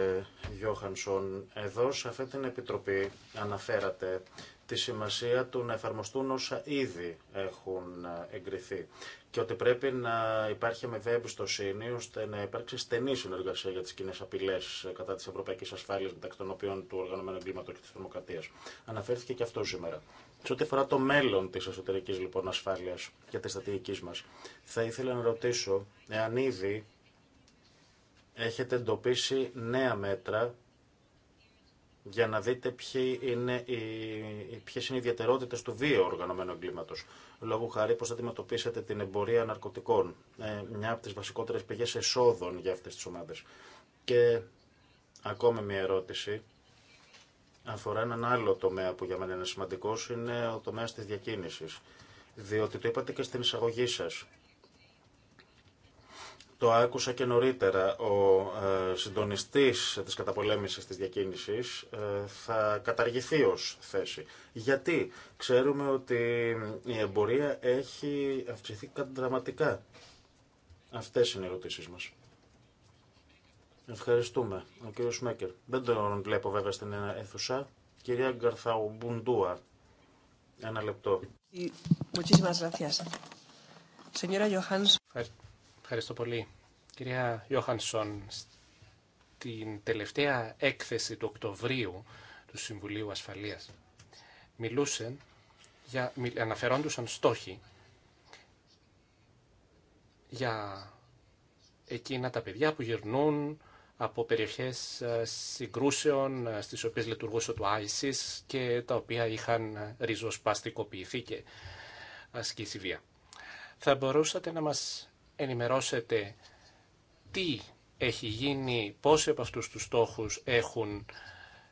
Γιώχανσον. Εδώ σε αυτή την Επιτροπή αναφέρατε τη σημασία του να εφαρμοστούν όσα ήδη έχουν ε, εγκριθεί και ότι πρέπει να υπάρχει με βέβαια εμπιστοσύνη ώστε να υπάρξει στενή συνεργασία για τις κοινέ απειλέ ε, κατά της Ευρωπαϊκής Ασφάλειας μεταξύ των οποίων του οργανωμένου εγκλήματος και της Δημοκρατίας. Αναφέρθηκε και αυτό σήμερα. Σε ό,τι αφορά το μέλλον τη εσωτερική λοιπόν ασφάλεια και τη στρατηγική μα, θα ήθελα να ρωτήσω εάν ήδη έχετε εντοπίσει νέα μέτρα για να δείτε ποιε είναι οι, ποιες είναι οι ιδιαιτερότητες του βίαιου οργανωμένου εγκλήματος. Λόγω χάρη πώς θα αντιμετωπίσετε την εμπορία ναρκωτικών, ε, μια από τις βασικότερες πηγές εσόδων για αυτές τις ομάδες. Και ακόμα μια ερώτηση αφορά έναν άλλο τομέα που για μένα είναι σημαντικό, είναι ο τομέα της διακίνηση. Διότι το είπατε και στην εισαγωγή σα. Το άκουσα και νωρίτερα. Ο ε, συντονιστής της καταπολέμησης της διακίνησης ε, θα καταργηθεί ως θέση. Γιατί ξέρουμε ότι η εμπορία έχει αυξηθεί δραματικά. Αυτές είναι οι ερωτήσεις μας. Ευχαριστούμε. Ο κύριο Μέκερ. Δεν τον βλέπω βέβαια στην αίθουσα. Κυρία Γκαρθαουμπουντούα. Ένα λεπτό. Ευχαριστώ πολύ. Κυρία Γιώχανσον, στην τελευταία έκθεση του Οκτωβρίου του Συμβουλίου Ασφαλείας μιλούσε για, αναφερόντουσαν στόχοι για εκείνα τα παιδιά που γυρνούν από περιοχές ε, συγκρούσεων ε, στις οποίες λειτουργούσε το ISIS και τα οποία είχαν ε, ριζοσπαστικοποιηθεί και ασκήσει βία. Θα μπορούσατε να μας ενημερώσετε τι έχει γίνει, πόσοι από αυτούς τους στόχους έχουν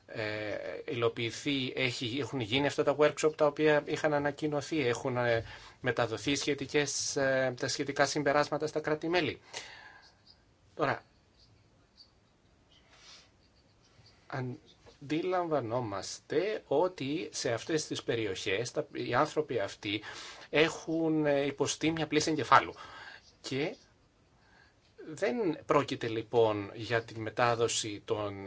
ε, υλοποιηθεί, έχει, έχουν γίνει αυτά τα workshop τα οποία είχαν ανακοινωθεί, έχουν μεταδοθεί σχετικές, τα σχετικά συμπεράσματα στα κράτη-μέλη. Τώρα, αντιλαμβανόμαστε ότι σε αυτές τις περιοχές οι άνθρωποι αυτοί έχουν ε, υποστεί μια πλήση εγκεφάλου. Και δεν πρόκειται λοιπόν για τη μετάδοση των,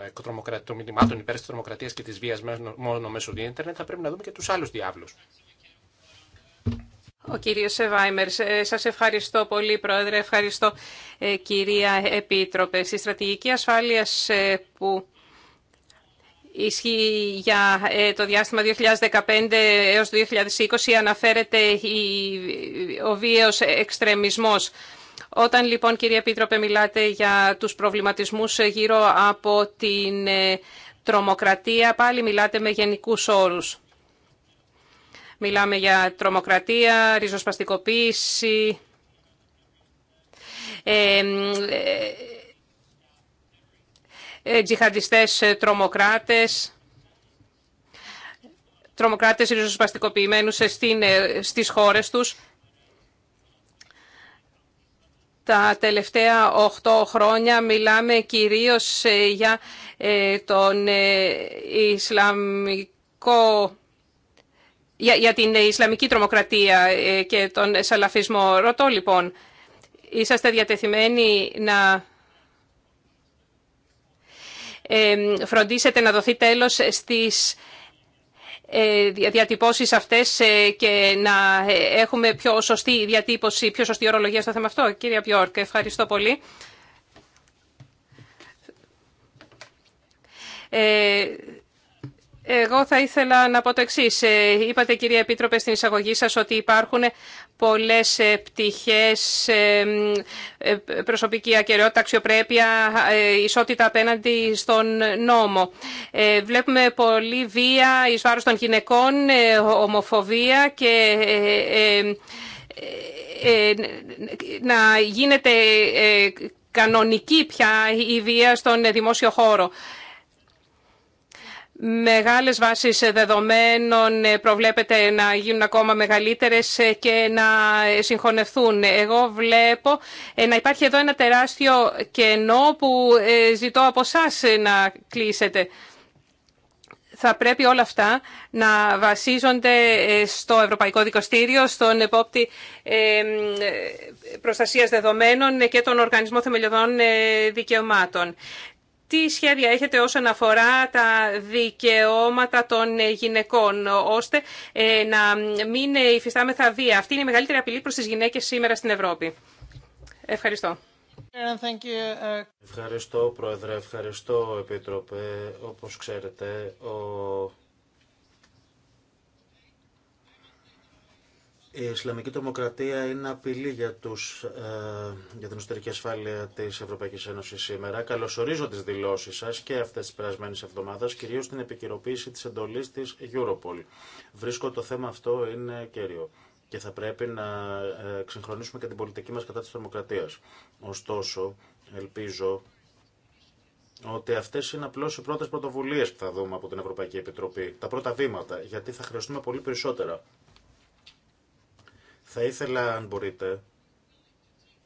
των μηνυμάτων υπέρ της τρομοκρατίας και της βίας μόνο μέσω του ίντερνετ, θα πρέπει να δούμε και τους άλλους διάβλους. Ο κύριος Σεβάιμερ, ε, σας ευχαριστώ πολύ Πρόεδρε, ευχαριστώ ε, κυρία Επίτροπε. Στη στρατηγική ασφάλειας που ισχύει για ε, το διάστημα 2015 έως 2020 αναφέρεται ο βίαιος εξτρεμισμός. Όταν λοιπόν κύριε Επίτροπε μιλάτε για τους προβληματισμούς γύρω από την ε, τρομοκρατία, πάλι μιλάτε με γενικούς όρους. Μιλάμε για τρομοκρατία, ριζοσπαστικοποίηση, ε, ε, τζιχαντιστές ε, τρομοκράτες, τρομοκράτες ριζοσπαστικοποιημένους ε, στις χώρες τους. Τα τελευταία 8 χρόνια μιλάμε κυρίως για τον Ισλαμικό για, για την Ισλαμική τρομοκρατία και τον Σαλαφισμό. Ρωτώ λοιπόν, είσαστε διατεθειμένοι να φροντίσετε να δοθεί τέλος στις ε, διατυπώσεις αυτές ε, και να ε, έχουμε πιο σωστή διατύπωση, πιο σωστή ορολογία στο θέμα αυτό. Κύριε Πιόρκ, ευχαριστώ πολύ. Εγώ θα ήθελα να πω το εξή. Ε, είπατε, κυρία Επίτροπε, στην εισαγωγή σας ότι υπάρχουν πολλές ε, πτυχές, ε, προσωπική ακαιρεότητα, αξιοπρέπεια, ισότητα απέναντι στον νόμο. Βλέπουμε πολλή βία εις βάρος των γυναικών, ομοφοβία και να γίνεται κανονική πια η βία στον δημόσιο χώρο μεγάλες βάσεις δεδομένων ε, προβλέπεται να γίνουν ακόμα μεγαλύτερες ε, και να ε, συγχωνευτούν. Εγώ βλέπω να υπάρχει εδώ ένα τεράστιο κενό που ζητώ από εσά να κλείσετε. Θα πρέπει όλα αυτά να βασίζονται στο Ευρωπαϊκό δικαστήριο, στον επόπτη προστασίας δεδομένων και τον Οργανισμό Θεμελιωδών Δικαιωμάτων τι σχέδια έχετε όσον αφορά τα δικαιώματα των γυναικών, ώστε ε, να μην υφιστάμεθα βία. Αυτή είναι η μεγαλύτερη απειλή προς τις γυναίκες σήμερα στην Ευρώπη. Ευχαριστώ. Uh, Ευχαριστώ, Πρόεδρε. Ευχαριστώ, Επίτροπε. Όπως ξέρετε, ο Η Ισλαμική τρομοκρατία είναι απειλή για, τους, ε, για την εσωτερική ασφάλεια τη Ευρωπαϊκή Ένωση σήμερα. Καλωσορίζω τι δηλώσει σα και αυτέ τι περασμένε εβδομάδε κυρίω την επικυροποίηση τη εντολή τη Europol. Βρίσκω το θέμα αυτό είναι κέριο και θα πρέπει να ε, ξεχρονίσουμε και την πολιτική μα κατά τη τρομοκρατία. Ωστόσο, ελπίζω ότι αυτέ είναι απλώ οι πρώτε πρωτοβουλίε που θα δούμε από την Ευρωπαϊκή Επιτροπή, τα πρώτα βήματα, γιατί θα χρειαστούμε πολύ περισσότερα. Θα ήθελα, αν μπορείτε,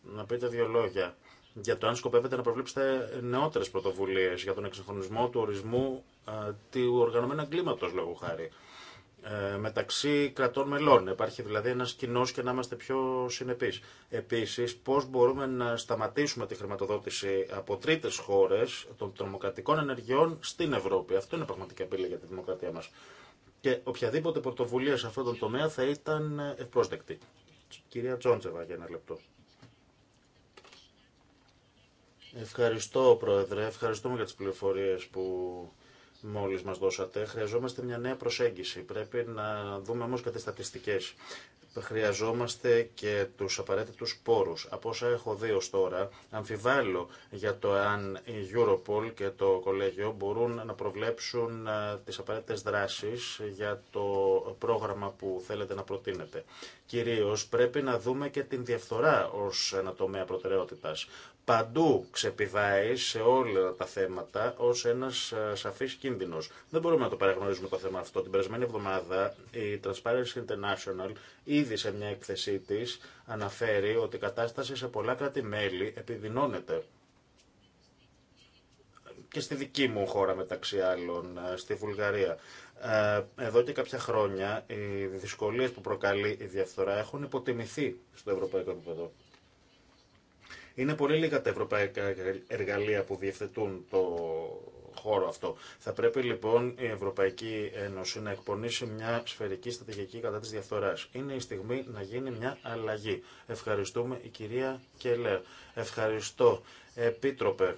να πείτε δύο λόγια για το αν σκοπεύετε να προβλέψετε νεότερες πρωτοβουλίες για τον εξυγχρονισμό του ορισμού α, ε, του οργανωμένου εγκλήματος, λόγω χάρη, ε, μεταξύ κρατών μελών. Υπάρχει δηλαδή ένας κοινό και να είμαστε πιο συνεπείς. Επίσης, πώς μπορούμε να σταματήσουμε τη χρηματοδότηση από τρίτες χώρες των τρομοκρατικών ενεργειών στην Ευρώπη. Αυτό είναι πραγματική απειλή για τη δημοκρατία μας. Και οποιαδήποτε πρωτοβουλία σε αυτόν τον τομέα θα ήταν ευπρόσδεκτη. Κυρία Τζόντσεβα, για ένα λεπτό. Ευχαριστώ, Πρόεδρε. Ευχαριστούμε για τις πληροφορίες που μόλις μας δώσατε. Χρειαζόμαστε μια νέα προσέγγιση. Πρέπει να δούμε όμως και τι στατιστικές χρειαζόμαστε και τους απαραίτητους πόρους. Από όσα έχω δει ως τώρα, αμφιβάλλω για το αν η Europol και το Κολέγιο μπορούν να προβλέψουν ε, τις απαραίτητες δράσεις για το πρόγραμμα που θέλετε να προτείνετε. Κυρίως πρέπει να δούμε και την διαφθορά ως ένα τομέα προτεραιότητας παντού ξεπηδάει σε όλα τα θέματα ω ένα ε, σαφή κίνδυνο. Δεν μπορούμε να το παραγνωρίζουμε το θέμα αυτό. Την περασμένη εβδομάδα η Transparency International ήδη σε μια έκθεσή τη αναφέρει ότι η κατάσταση σε πολλά κράτη-μέλη επιδεινώνεται. Και στη δική μου χώρα μεταξύ άλλων, ε, στη Βουλγαρία. Ε, εδώ και κάποια χρόνια οι δυσκολίες που προκαλεί η διαφθορά έχουν υποτιμηθεί στο ευρωπαϊκό επίπεδο. Είναι πολύ λίγα τα ευρωπαϊκά εργαλεία που διευθετούν το χώρο αυτό. Θα πρέπει λοιπόν η Ευρωπαϊκή Ένωση να εκπονήσει μια σφαιρική στρατηγική κατά της διαφθοράς. Είναι η στιγμή να γίνει μια αλλαγή. Ευχαριστούμε η κυρία Κελέα. Ευχαριστώ. Επίτροπε.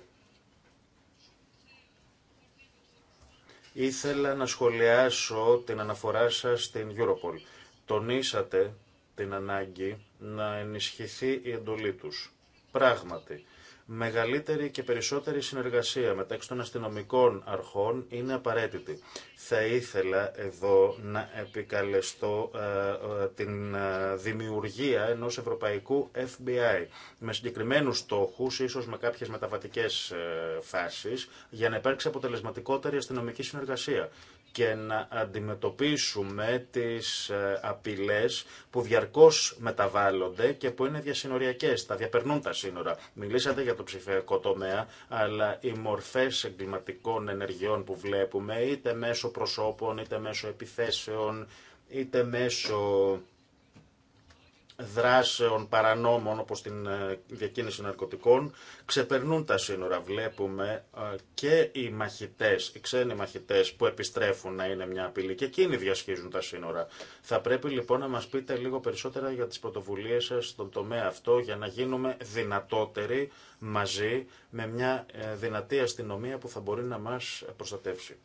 Ήθελα να σχολιάσω την αναφορά σας στην Europol. Τονίσατε την ανάγκη να ενισχυθεί η εντολή τους. Πράγματι, μεγαλύτερη και περισσότερη συνεργασία μεταξύ των αστυνομικών αρχών είναι απαραίτητη. Θα ήθελα εδώ να επικαλεστώ ε, ε, την ε, δημιουργία ενός ευρωπαϊκού FBI με συγκεκριμένους στόχους, ίσως με κάποιες μεταβατικές φάσεις, για να υπάρξει αποτελεσματικότερη αστυνομική συνεργασία και να αντιμετωπίσουμε τις ε, απειλές που διαρκώς μεταβάλλονται και που είναι διασυνοριακές, τα διαπερνούν τα σύνορα. Μιλήσατε για το ψηφιακό τομέα, αλλά οι μορφές εγκληματικών ενεργειών που βλέπουμε, είτε μέσω προσώπων, είτε μέσω επιθέσεων, είτε μέσω δράσεων παρανόμων όπως την ε, διακίνηση ναρκωτικών ξεπερνούν τα σύνορα. Βλέπουμε ε, και οι μαχητές, οι ξένοι μαχητές που επιστρέφουν να είναι μια απειλή και εκείνοι διασχίζουν τα σύνορα. Θα πρέπει λοιπόν να μας πείτε λίγο περισσότερα για τις πρωτοβουλίες σας στον τομέα αυτό για να γίνουμε δυνατότεροι μαζί με μια ε, δυνατή αστυνομία που θα μπορεί να μας προστατεύσει.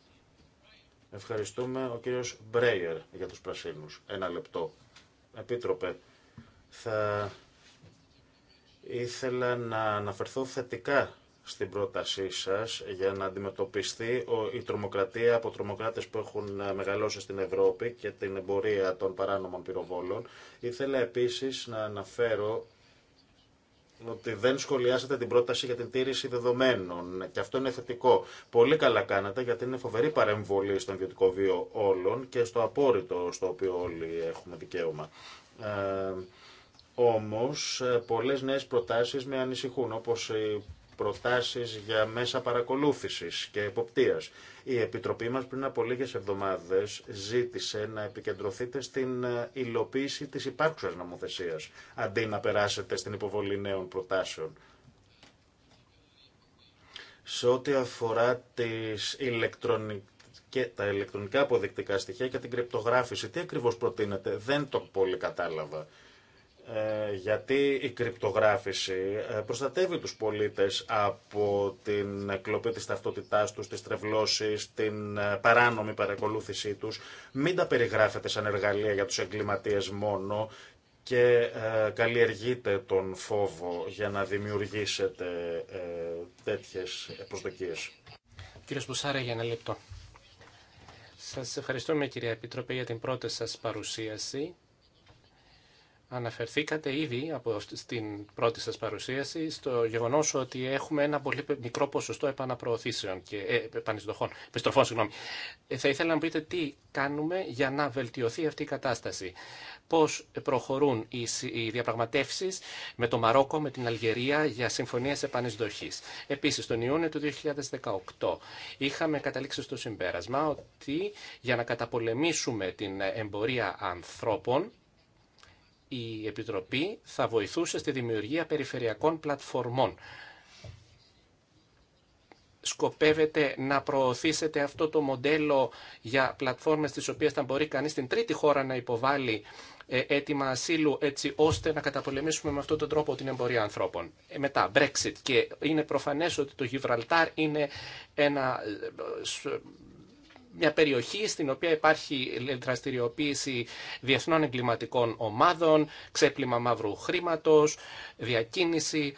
Ευχαριστούμε ο κύριος Μπρέιερ για τους πρασίνους. Ένα λεπτό. Επίτροπε, θα ήθελα να αναφερθώ θετικά στην πρότασή σας για να αντιμετωπιστεί η τρομοκρατία από τρομοκράτες που έχουν ε, μεγαλώσει στην Ευρώπη και την εμπορία των παράνομων πυροβόλων. Ήθελα επίσης να αναφέρω ότι δεν σχολιάσατε την πρόταση για την τήρηση δεδομένων. Και αυτό είναι θετικό. Πολύ καλά κάνατε γιατί είναι φοβερή παρεμβολή στον ιδιωτικό βίο όλων και στο απόρριτο στο οποίο όλοι έχουμε δικαίωμα. Ε, όμως ε, πολλές νέες προτάσεις με ανησυχούν, όπως οι προτάσεις για μέσα παρακολούθησης και εποπτείας. Η Επιτροπή μας πριν από λίγες εβδομάδες ζήτησε να επικεντρωθείτε στην ε, υλοποίηση της υπάρχουσας νομοθεσίας, αντί να περάσετε στην υποβολή νέων προτάσεων. Σε ό,τι αφορά τις ηλεκτρονικές και τα ηλεκτρονικά αποδεικτικά στοιχεία και την κρυπτογράφηση. Τι ακριβώς προτείνετε, δεν το πολύ κατάλαβα. Ε, γιατί η κρυπτογράφηση ε, προστατεύει τους πολίτες από την κλοπή της ταυτότητάς τους, τις τρευλώσεις, την ε, παράνομη παρακολούθησή τους. Μην τα περιγράφετε σαν εργαλεία για τους εγκληματίες μόνο και καλλιεργείτε τον φόβο για να δημιουργήσετε τέτοιες προσδοκίες. Κύριος Μπουσάρα, για ένα λεπτό. Σας ευχαριστούμε κυρία Επίτροπε για την πρώτη σας παρουσίαση Αναφερθήκατε ήδη από στην πρώτη σας παρουσίαση στο γεγονός ότι έχουμε ένα πολύ μικρό ποσοστό επαναπροωθήσεων και ε, επιστροφών. Συγγνώμη. Ε, θα ήθελα να πείτε τι κάνουμε για να βελτιωθεί αυτή η κατάσταση. Πώς προχωρούν οι, οι διαπραγματεύσεις με το Μαρόκο, με την Αλγερία για συμφωνίες επανεισδοχής. Επίσης, τον Ιούνιο του 2018 είχαμε καταλήξει στο συμπέρασμα ότι για να καταπολεμήσουμε την εμπορία ανθρώπων η Επιτροπή θα βοηθούσε στη δημιουργία περιφερειακών πλατφορμών. Σκοπεύετε να προωθήσετε αυτό το μοντέλο για πλατφόρμες τις οποίες θα μπορεί κανείς στην τρίτη χώρα να υποβάλει έτοιμα ε, ασύλου έτσι ώστε να καταπολεμήσουμε με αυτόν τον τρόπο την εμπορία ανθρώπων. Ε, μετά, Brexit και είναι προφανές ότι το Γιβραλτάρ είναι ένα ε, μια περιοχή στην οποία υπάρχει δραστηριοποίηση διεθνών εγκληματικών ομάδων, ξέπλυμα μαύρου χρήματος, διακίνηση.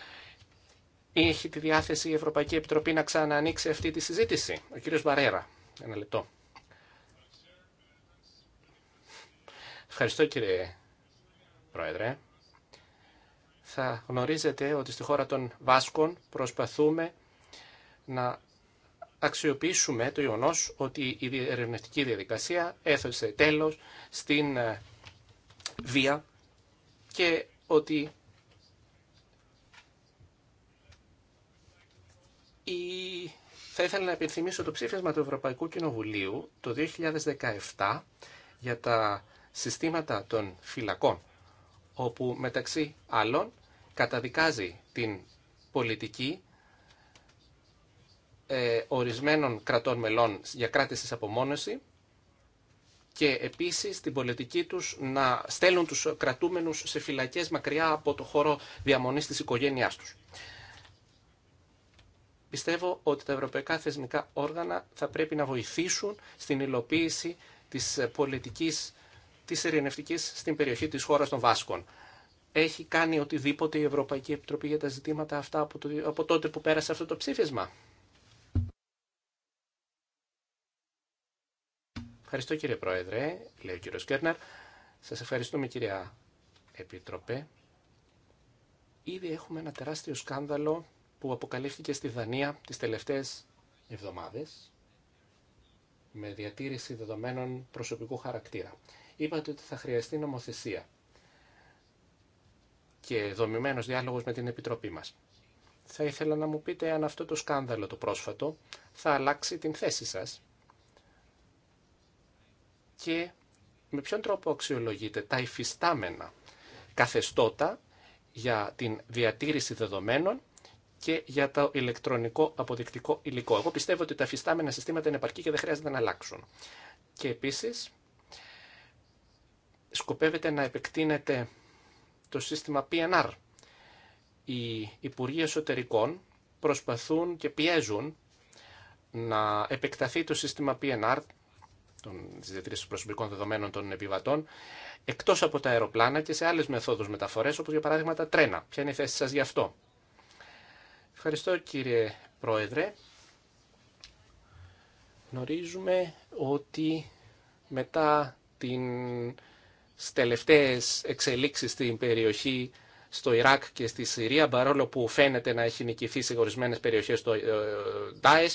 Έχει τη διάθεση η Ευρωπαϊκή Επιτροπή να ξανανοιξει αυτή τη συζήτηση. Ο κύριος Βαρέρα, ένα λεπτό. Ευχαριστώ κύριε Πρόεδρε. Θα γνωρίζετε ότι στη χώρα των Βάσκων προσπαθούμε να αξιοποιήσουμε το γεγονό ότι η ερευνητική διαδικασία έθεσε τέλος στην ε, βία και ότι η... θα ήθελα να επιθυμίσω το ψήφισμα του Ευρωπαϊκού Κοινοβουλίου το 2017 για τα συστήματα των φυλακών, όπου μεταξύ άλλων καταδικάζει την πολιτική ε, ορισμένων κρατών μελών για κράτηση απομόνωση και επίσης την πολιτική τους να στέλνουν τους κρατούμενους σε φυλακές μακριά από το χώρο διαμονής της οικογένειάς τους. Πιστεύω ότι τα ευρωπαϊκά θεσμικά όργανα θα πρέπει να βοηθήσουν στην υλοποίηση της πολιτικής της ειρηνευτικής στην περιοχή της χώρας των Βάσκων. Έχει κάνει οτιδήποτε η Ευρωπαϊκή Επιτροπή για τα ζητήματα αυτά από, από τότε που πέρασε αυτό το ψήφισμα. Ευχαριστώ κύριε Πρόεδρε, λέει ο κύριο Κέρναρ. Σας ευχαριστούμε κυρία Επίτροπε. Ήδη έχουμε ένα τεράστιο σκάνδαλο που αποκαλύφθηκε στη Δανία τις τελευταίες εβδομάδες με διατήρηση δεδομένων προσωπικού χαρακτήρα. Είπατε ότι θα χρειαστεί νομοθεσία και δομημένος διάλογος με την Επιτροπή μας. Θα ήθελα να μου πείτε αν αυτό το σκάνδαλο το πρόσφατο θα αλλάξει την θέση σας και με ποιον τρόπο αξιολογείται τα υφιστάμενα καθεστώτα για την διατήρηση δεδομένων και για το ηλεκτρονικό αποδεικτικό υλικό. Εγώ πιστεύω ότι τα υφιστάμενα συστήματα είναι επαρκή και δεν χρειάζεται να αλλάξουν. Και επίσης, σκοπεύεται να επεκτείνεται το σύστημα PNR. Οι Υπουργοί Εσωτερικών προσπαθούν και πιέζουν να επεκταθεί το σύστημα PNR της διατήρηση προσωπικών δεδομένων των επιβατών, εκτός από τα αεροπλάνα και σε άλλες μεθόδους μεταφορέ, όπως για παράδειγμα τα τρένα. Ποια είναι η θέση σα γι' αυτό. Ευχαριστώ κύριε Πρόεδρε. Γνωρίζουμε ότι μετά την τελευταίες εξελίξεις στην περιοχή στο Ιράκ και στη Συρία, παρόλο που φαίνεται να έχει νικηθεί σε ορισμένε περιοχές το ε, ε,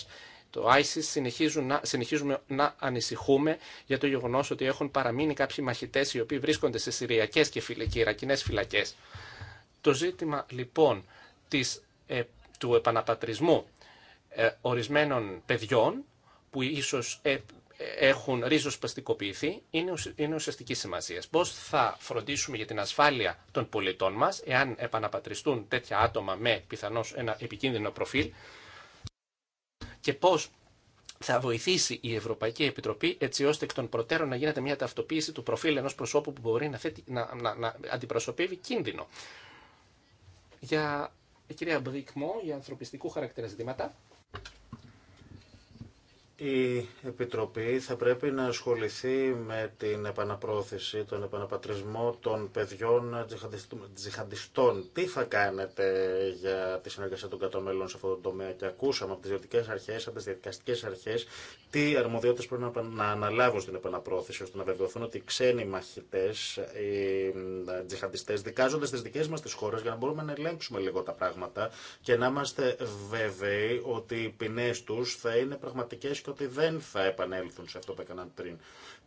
το ISIS συνεχίζουν συνεχίζουμε να ανησυχούμε για το γεγονό ότι έχουν παραμείνει κάποιοι μαχητέ, οι οποίοι βρίσκονται σε Συριακέ και, και Ιρακινές φυλακέ. Το ζήτημα λοιπόν της, ε, του επαναπατρισμού ε, ορισμένων παιδιών που ίσω ε, έχουν ρίζος παστικοποιηθεί είναι, είναι ουσιαστική σημασία. Πώ θα φροντίσουμε για την ασφάλεια των πολιτών μα, εάν επαναπατριστούν τέτοια άτομα με πιθανώς ένα επικίνδυνο προφίλ και πώς θα βοηθήσει η Ευρωπαϊκή Επιτροπή έτσι ώστε εκ των προτέρων να γίνεται μια ταυτοποίηση του προφίλ ενός προσώπου που μπορεί να, θέτει, να, να, να αντιπροσωπεύει κίνδυνο. Για η κυρία Μπρίκμο, για ανθρωπιστικού χαρακτηρα ζητήματα. Η Επιτροπή θα πρέπει να ασχοληθεί με την επαναπρόθεση, τον επαναπατρισμό των παιδιών τζιχαντιστών. Τι θα κάνετε για τη συνεργασία των κατώμελων σε αυτό το τομέα και ακούσαμε από τις διωτικές αρχές, από τις διαδικαστικές αρχές, τι αρμοδιότητες πρέπει να αναλάβουν στην επαναπρόθεση, ώστε να βεβαιωθούν ότι οι ξένοι μαχητές, οι ε, τζιχαντιστές, δικάζονται στις δικές μας τις χώρες για να μπορούμε να ελέγξουμε λίγο τα πράγματα και να είμαστε βέβαιοι ότι οι ποινές τους θα είναι πραγματικές ότι δεν θα επανέλθουν σε αυτό που έκαναν πριν.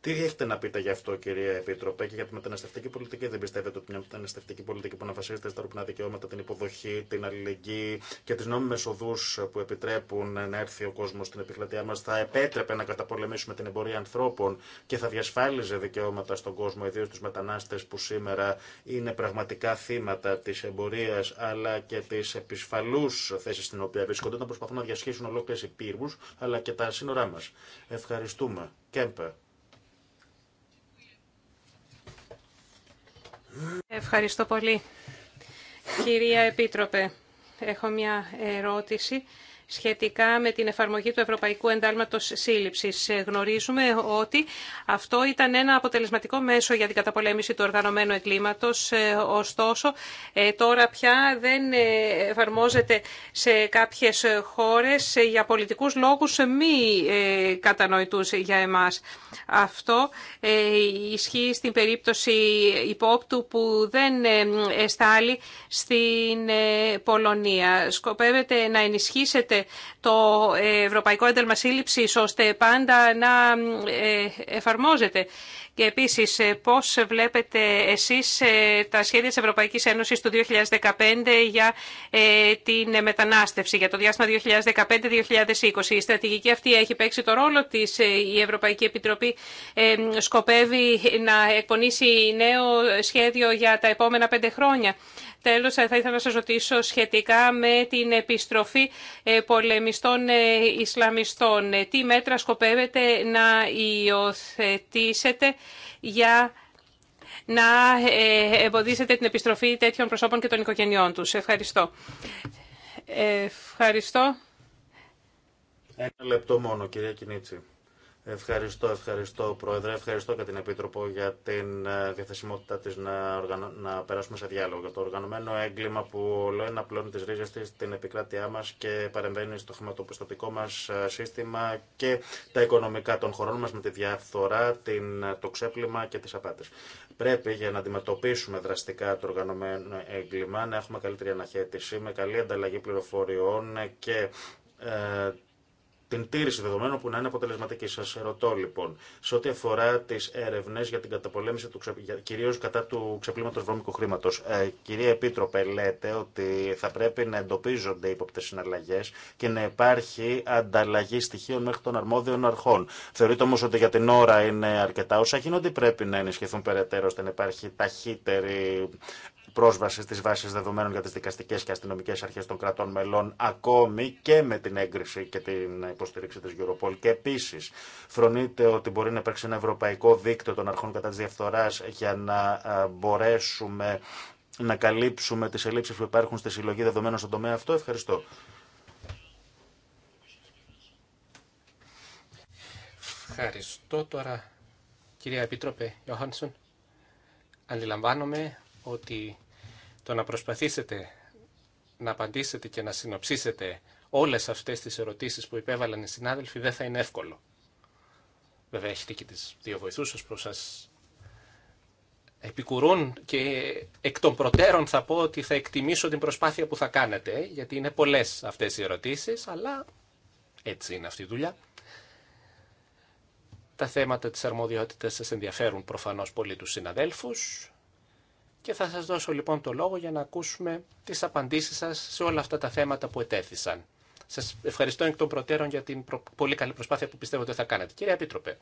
Τι έχετε να πείτε γι' αυτό, κυρία Επίτροπε, και για τη μεταναστευτική πολιτική. Δεν πιστεύετε ότι μια μεταναστευτική πολιτική που αναφασίζεται στα ρουπνά δικαιώματα, την υποδοχή, την αλληλεγγύη και τι νόμιμε οδού που επιτρέπουν να έρθει ο κόσμο στην επικρατεία μα θα επέτρεπε να καταπολεμήσουμε την εμπορία ανθρώπων και θα διασφάλιζε δικαιώματα στον κόσμο, ιδίω του μετανάστε που σήμερα είναι πραγματικά θύματα τη εμπορία αλλά και τη επισφαλού θέση στην οποία βρίσκονται, να προσπαθούν να διασχίσουν ολόκληρε υπήρου αλλά και τα σύνορα Ευχαριστούμε. Κέμπε. Ευχαριστώ πολύ. Κυρία Επίτροπε, έχω μια ερώτηση σχετικά με την εφαρμογή του Ευρωπαϊκού Εντάλματο Σύλληψης. Γνωρίζουμε ότι αυτό ήταν ένα αποτελεσματικό μέσο για την καταπολέμηση του οργανωμένου εγκλήματος, ε, ωστόσο ε, τώρα πια δεν ε, εφαρμόζεται σε κάποιες χώρες για πολιτικούς λόγους μη κατανοητού για εμάς. Αυτό ισχύει στην περίπτωση υπόπτου που δεν εστάλει στην Πολωνία. Σκοπεύεται να ενισχύσετε το Ευρωπαϊκό Ένταλμα Σύλληψη ώστε πάντα να ε, εφαρμόζεται. Και επίσης ε, πώς βλέπετε εσείς ε, τα σχέδια της Ευρωπαϊκής Ένωσης του 2015 για την μετανάστευση για το διάστημα 2015-2020. Η στρατηγική αυτή έχει παίξει το ρόλο της. Η Ευρωπαϊκή Επιτροπή σκοπεύει να εκπονήσει νέο σχέδιο για τα επόμενα πέντε χρόνια. Τέλος, θα ήθελα να σας ρωτήσω σχετικά με την επιστροφή ε, πολεμιστών ε, Ισλαμιστών. Ε, τι μέτρα σκοπεύετε να υιοθετήσετε για να εμποδίσετε την επιστροφή τέτοιων προσώπων και των οικογενειών τους. Ευχαριστώ. Ευχαριστώ. Ένα λεπτό μόνο, κυρία Κινίτση. Ευχαριστώ, ευχαριστώ Πρόεδρε, ευχαριστώ και την Επίτροπο για την ε, διαθεσιμότητά της να, περάσουμε σε διάλογο. Για το οργανωμένο έγκλημα που όλο ένα πλώνει τις ρίζες της στην επικράτειά μας και παρεμβαίνει στο χρηματοπιστωτικό μας ε, σύστημα και τα οικονομικά των χωρών μας με τη διαφθορά, την... Ε, το ξέπλυμα και τις απάτες. Πρέπει για να αντιμετωπίσουμε δραστικά το οργανωμένο έγκλημα να έχουμε καλύτερη αναχέτηση με καλή ανταλλαγή πληροφοριών και την τήρηση δεδομένων που να είναι αποτελεσματική. Σα ρωτώ λοιπόν, σε ό,τι αφορά τι έρευνε για την καταπολέμηση του ξε... κυρίω κατά του ξεπλήματο βρώμικου χρήματο. Ε, κυρία Επίτροπε, λέτε ότι θα πρέπει να εντοπίζονται ύποπτε συναλλαγέ και να υπάρχει ανταλλαγή στοιχείων μέχρι των αρμόδιων αρχών. Θεωρείτε όμω ότι για την ώρα είναι αρκετά όσα γίνονται, πρέπει να ενισχυθούν περαιτέρω ώστε να υπάρχει ταχύτερη πρόσβαση στις βάσεις δεδομένων για τις δικαστικές και αστυνομικές αρχές των κρατών μελών ακόμη και με την έγκριση και την υποστήριξη της Europol. Και επίσης φρονείται ότι μπορεί να υπάρξει ένα ευρωπαϊκό δίκτυο των αρχών κατά της διαφθοράς για να ε, μπορέσουμε να καλύψουμε τις ελλείψεις που υπάρχουν στη συλλογή δεδομένων στον τομέα αυτό. Ευχαριστώ. Ευχαριστώ τώρα, κυρία Επίτροπε Ιωάννησον. Αντιλαμβάνομαι ότι το να προσπαθήσετε να απαντήσετε και να συνοψίσετε όλες αυτές τις ερωτήσεις που υπέβαλαν οι συνάδελφοι δεν θα είναι εύκολο. Βέβαια έχετε και τις δύο βοηθούς σας που σας επικουρούν και εκ των προτέρων θα πω ότι θα εκτιμήσω την προσπάθεια που θα κάνετε γιατί είναι πολλές αυτές οι ερωτήσεις αλλά έτσι είναι αυτή η δουλειά. Τα θέματα της αρμοδιότητας σας ενδιαφέρουν προφανώς πολύ τους συναδέλφους. Και θα σας δώσω λοιπόν το λόγο για να ακούσουμε τις απαντήσεις σας σε όλα αυτά τα θέματα που ετέθησαν. Σας ευχαριστώ εκ των προτέρων για την πολύ καλή προσπάθεια που πιστεύω ότι θα κάνετε. Κύριε Επίτροπε,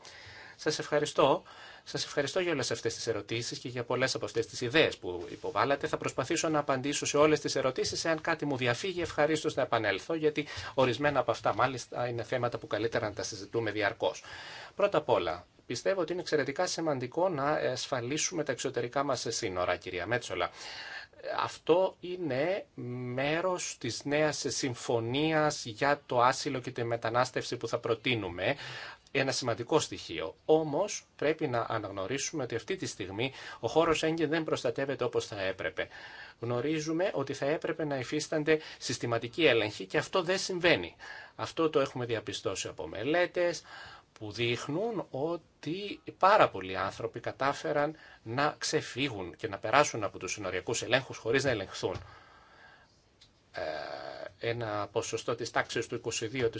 σας ευχαριστώ. Σας ευχαριστώ για όλες αυτές τις ερωτήσεις και για πολλές από αυτές τις ιδέες που υποβάλλατε. Θα προσπαθήσω να απαντήσω σε όλες τις ερωτήσεις. Εάν κάτι μου διαφύγει, ευχαριστώ να επανέλθω, γιατί ορισμένα από αυτά μάλιστα είναι θέματα που καλύτερα να τα συζητούμε διαρκώς. Πρώτα απ' όλα, Πιστεύω ότι είναι εξαιρετικά σημαντικό να ασφαλίσουμε τα εξωτερικά μας σύνορα, κυρία Μέτσολα. Αυτό είναι μέρος της νέας συμφωνίας για το άσυλο και τη μετανάστευση που θα προτείνουμε. Ένα σημαντικό στοιχείο. Όμως πρέπει να αναγνωρίσουμε ότι αυτή τη στιγμή ο χώρος έγκαι δεν προστατεύεται όπως θα έπρεπε. Γνωρίζουμε ότι θα έπρεπε να υφίστανται συστηματικοί έλεγχοι και αυτό δεν συμβαίνει. Αυτό το έχουμε διαπιστώσει από μελέτες, που δείχνουν ότι πάρα πολλοί άνθρωποι κατάφεραν να ξεφύγουν και να περάσουν από τους συνοριακούς ελέγχους χωρίς να ελεγχθούν. Ε, ένα ποσοστό της τάξης του 22%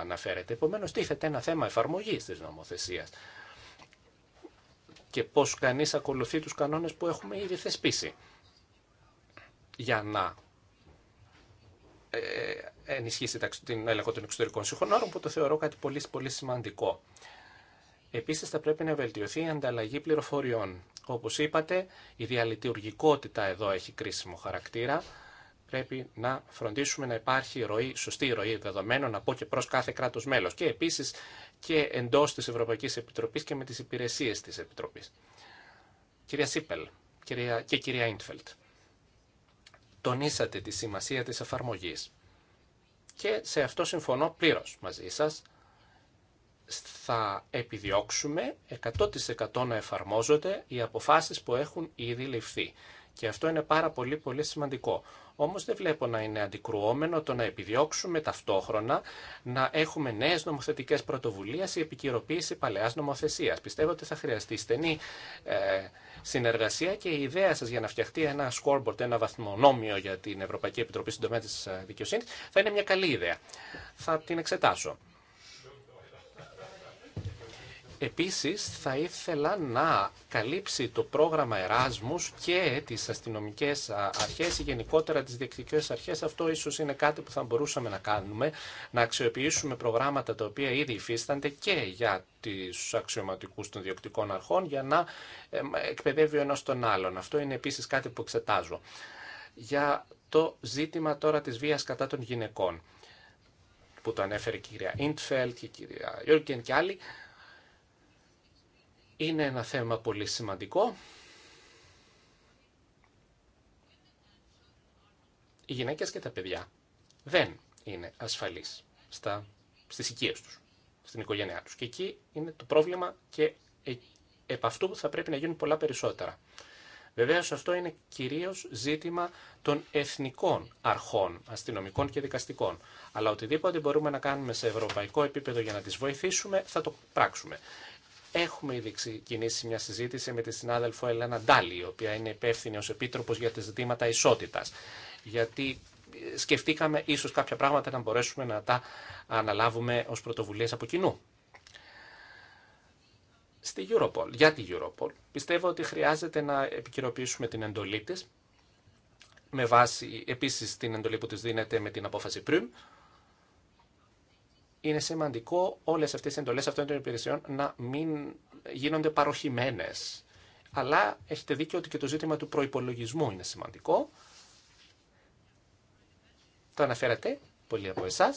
αναφέρεται. Επομένως, τίθεται ένα θέμα εφαρμογής της νομοθεσίας και πώς κανείς ακολουθεί τους κανόνες που έχουμε ήδη θεσπίσει για να ε, ε, ενισχύσει την έλεγχο των εξωτερικών συγχωνόρων, που το θεωρώ κάτι πολύ, πολύ σημαντικό. Επίσης θα πρέπει να βελτιωθεί η ανταλλαγή πληροφοριών. Όπως είπατε, η διαλειτουργικότητα εδώ έχει κρίσιμο χαρακτήρα. Πρέπει να φροντίσουμε να υπάρχει ροή, σωστή ροή δεδομένων από και προ κάθε κράτο μέλο. και επίση και εντό τη Ευρωπαϊκή Επιτροπής και με τι υπηρεσίε τη Επιτροπής. Κυρία Σίπελ και κυρία Ίντφελτ τονίσατε τη σημασία της εφαρμογής. Και σε αυτό συμφωνώ πλήρως μαζί σας. Θα επιδιώξουμε 100% να εφαρμόζονται οι αποφάσεις που έχουν ήδη ληφθεί. Και αυτό είναι πάρα πολύ πολύ σημαντικό. Όμως δεν βλέπω να είναι αντικρουόμενο το να επιδιώξουμε ταυτόχρονα να έχουμε νέες νομοθετικές πρωτοβουλίες ή επικυροποίηση παλαιάς νομοθεσίας. Πιστεύω ότι θα χρειαστεί στενή ε, συνεργασία και η ιδέα σας για να φτιαχτεί ένα scoreboard, ένα βαθμονόμιο για την Ευρωπαϊκή Επιτροπή στον ε, δικαιοσύνης θα είναι μια καλή ιδέα. Θα την εξετάσω. Επίσης θα ήθελα να καλύψει το πρόγραμμα Εράσμους και τις αστυνομικές αρχές ή γενικότερα τις διεκτικές αρχές. Αυτό ίσως είναι κάτι που θα μπορούσαμε να κάνουμε, να αξιοποιήσουμε προγράμματα τα οποία ήδη υφίστανται και για τους αξιωματικούς των διοκτικών αρχών για να εκπαιδεύει ο ένας τον άλλον. Αυτό είναι επίσης κάτι που εξετάζω. Για το ζήτημα τώρα της βίας κατά των γυναικών που το ανέφερε η κυρία Ιντφελτ και η κυρία Γιώργεν και άλλοι, είναι ένα θέμα πολύ σημαντικό. Οι γυναίκες και τα παιδιά δεν είναι ασφαλείς στα, στις οικίες τους, στην οικογένειά τους. Και εκεί είναι το πρόβλημα και ε, επ' αυτού θα πρέπει να γίνουν πολλά περισσότερα. Βεβαίω αυτό είναι κυρίω ζήτημα των εθνικών αρχών, αστυνομικών και δικαστικών. Αλλά οτιδήποτε μπορούμε να κάνουμε σε ευρωπαϊκό επίπεδο για να τι βοηθήσουμε, θα το πράξουμε. Έχουμε ήδη ξεκινήσει μια συζήτηση με τη συνάδελφο Ελένα Ντάλη, η οποία είναι υπεύθυνη ω επίτροπο για τα ζητήματα ισότητα. Γιατί ε, σκεφτήκαμε ίσω κάποια πράγματα να μπορέσουμε να τα αναλάβουμε ω πρωτοβουλίε από κοινού. Στη Europol, για τη Europol, πιστεύω ότι χρειάζεται να επικυρωποιήσουμε την εντολή τη, με βάση επίσης την εντολή που τη δίνεται με την απόφαση πριν, είναι σημαντικό όλες αυτές οι εντολές αυτών των υπηρεσιών να μην γίνονται παροχημένες. Αλλά έχετε δίκιο ότι και το ζήτημα του προπολογισμού είναι σημαντικό. Το αναφέρατε πολλοί από εσά.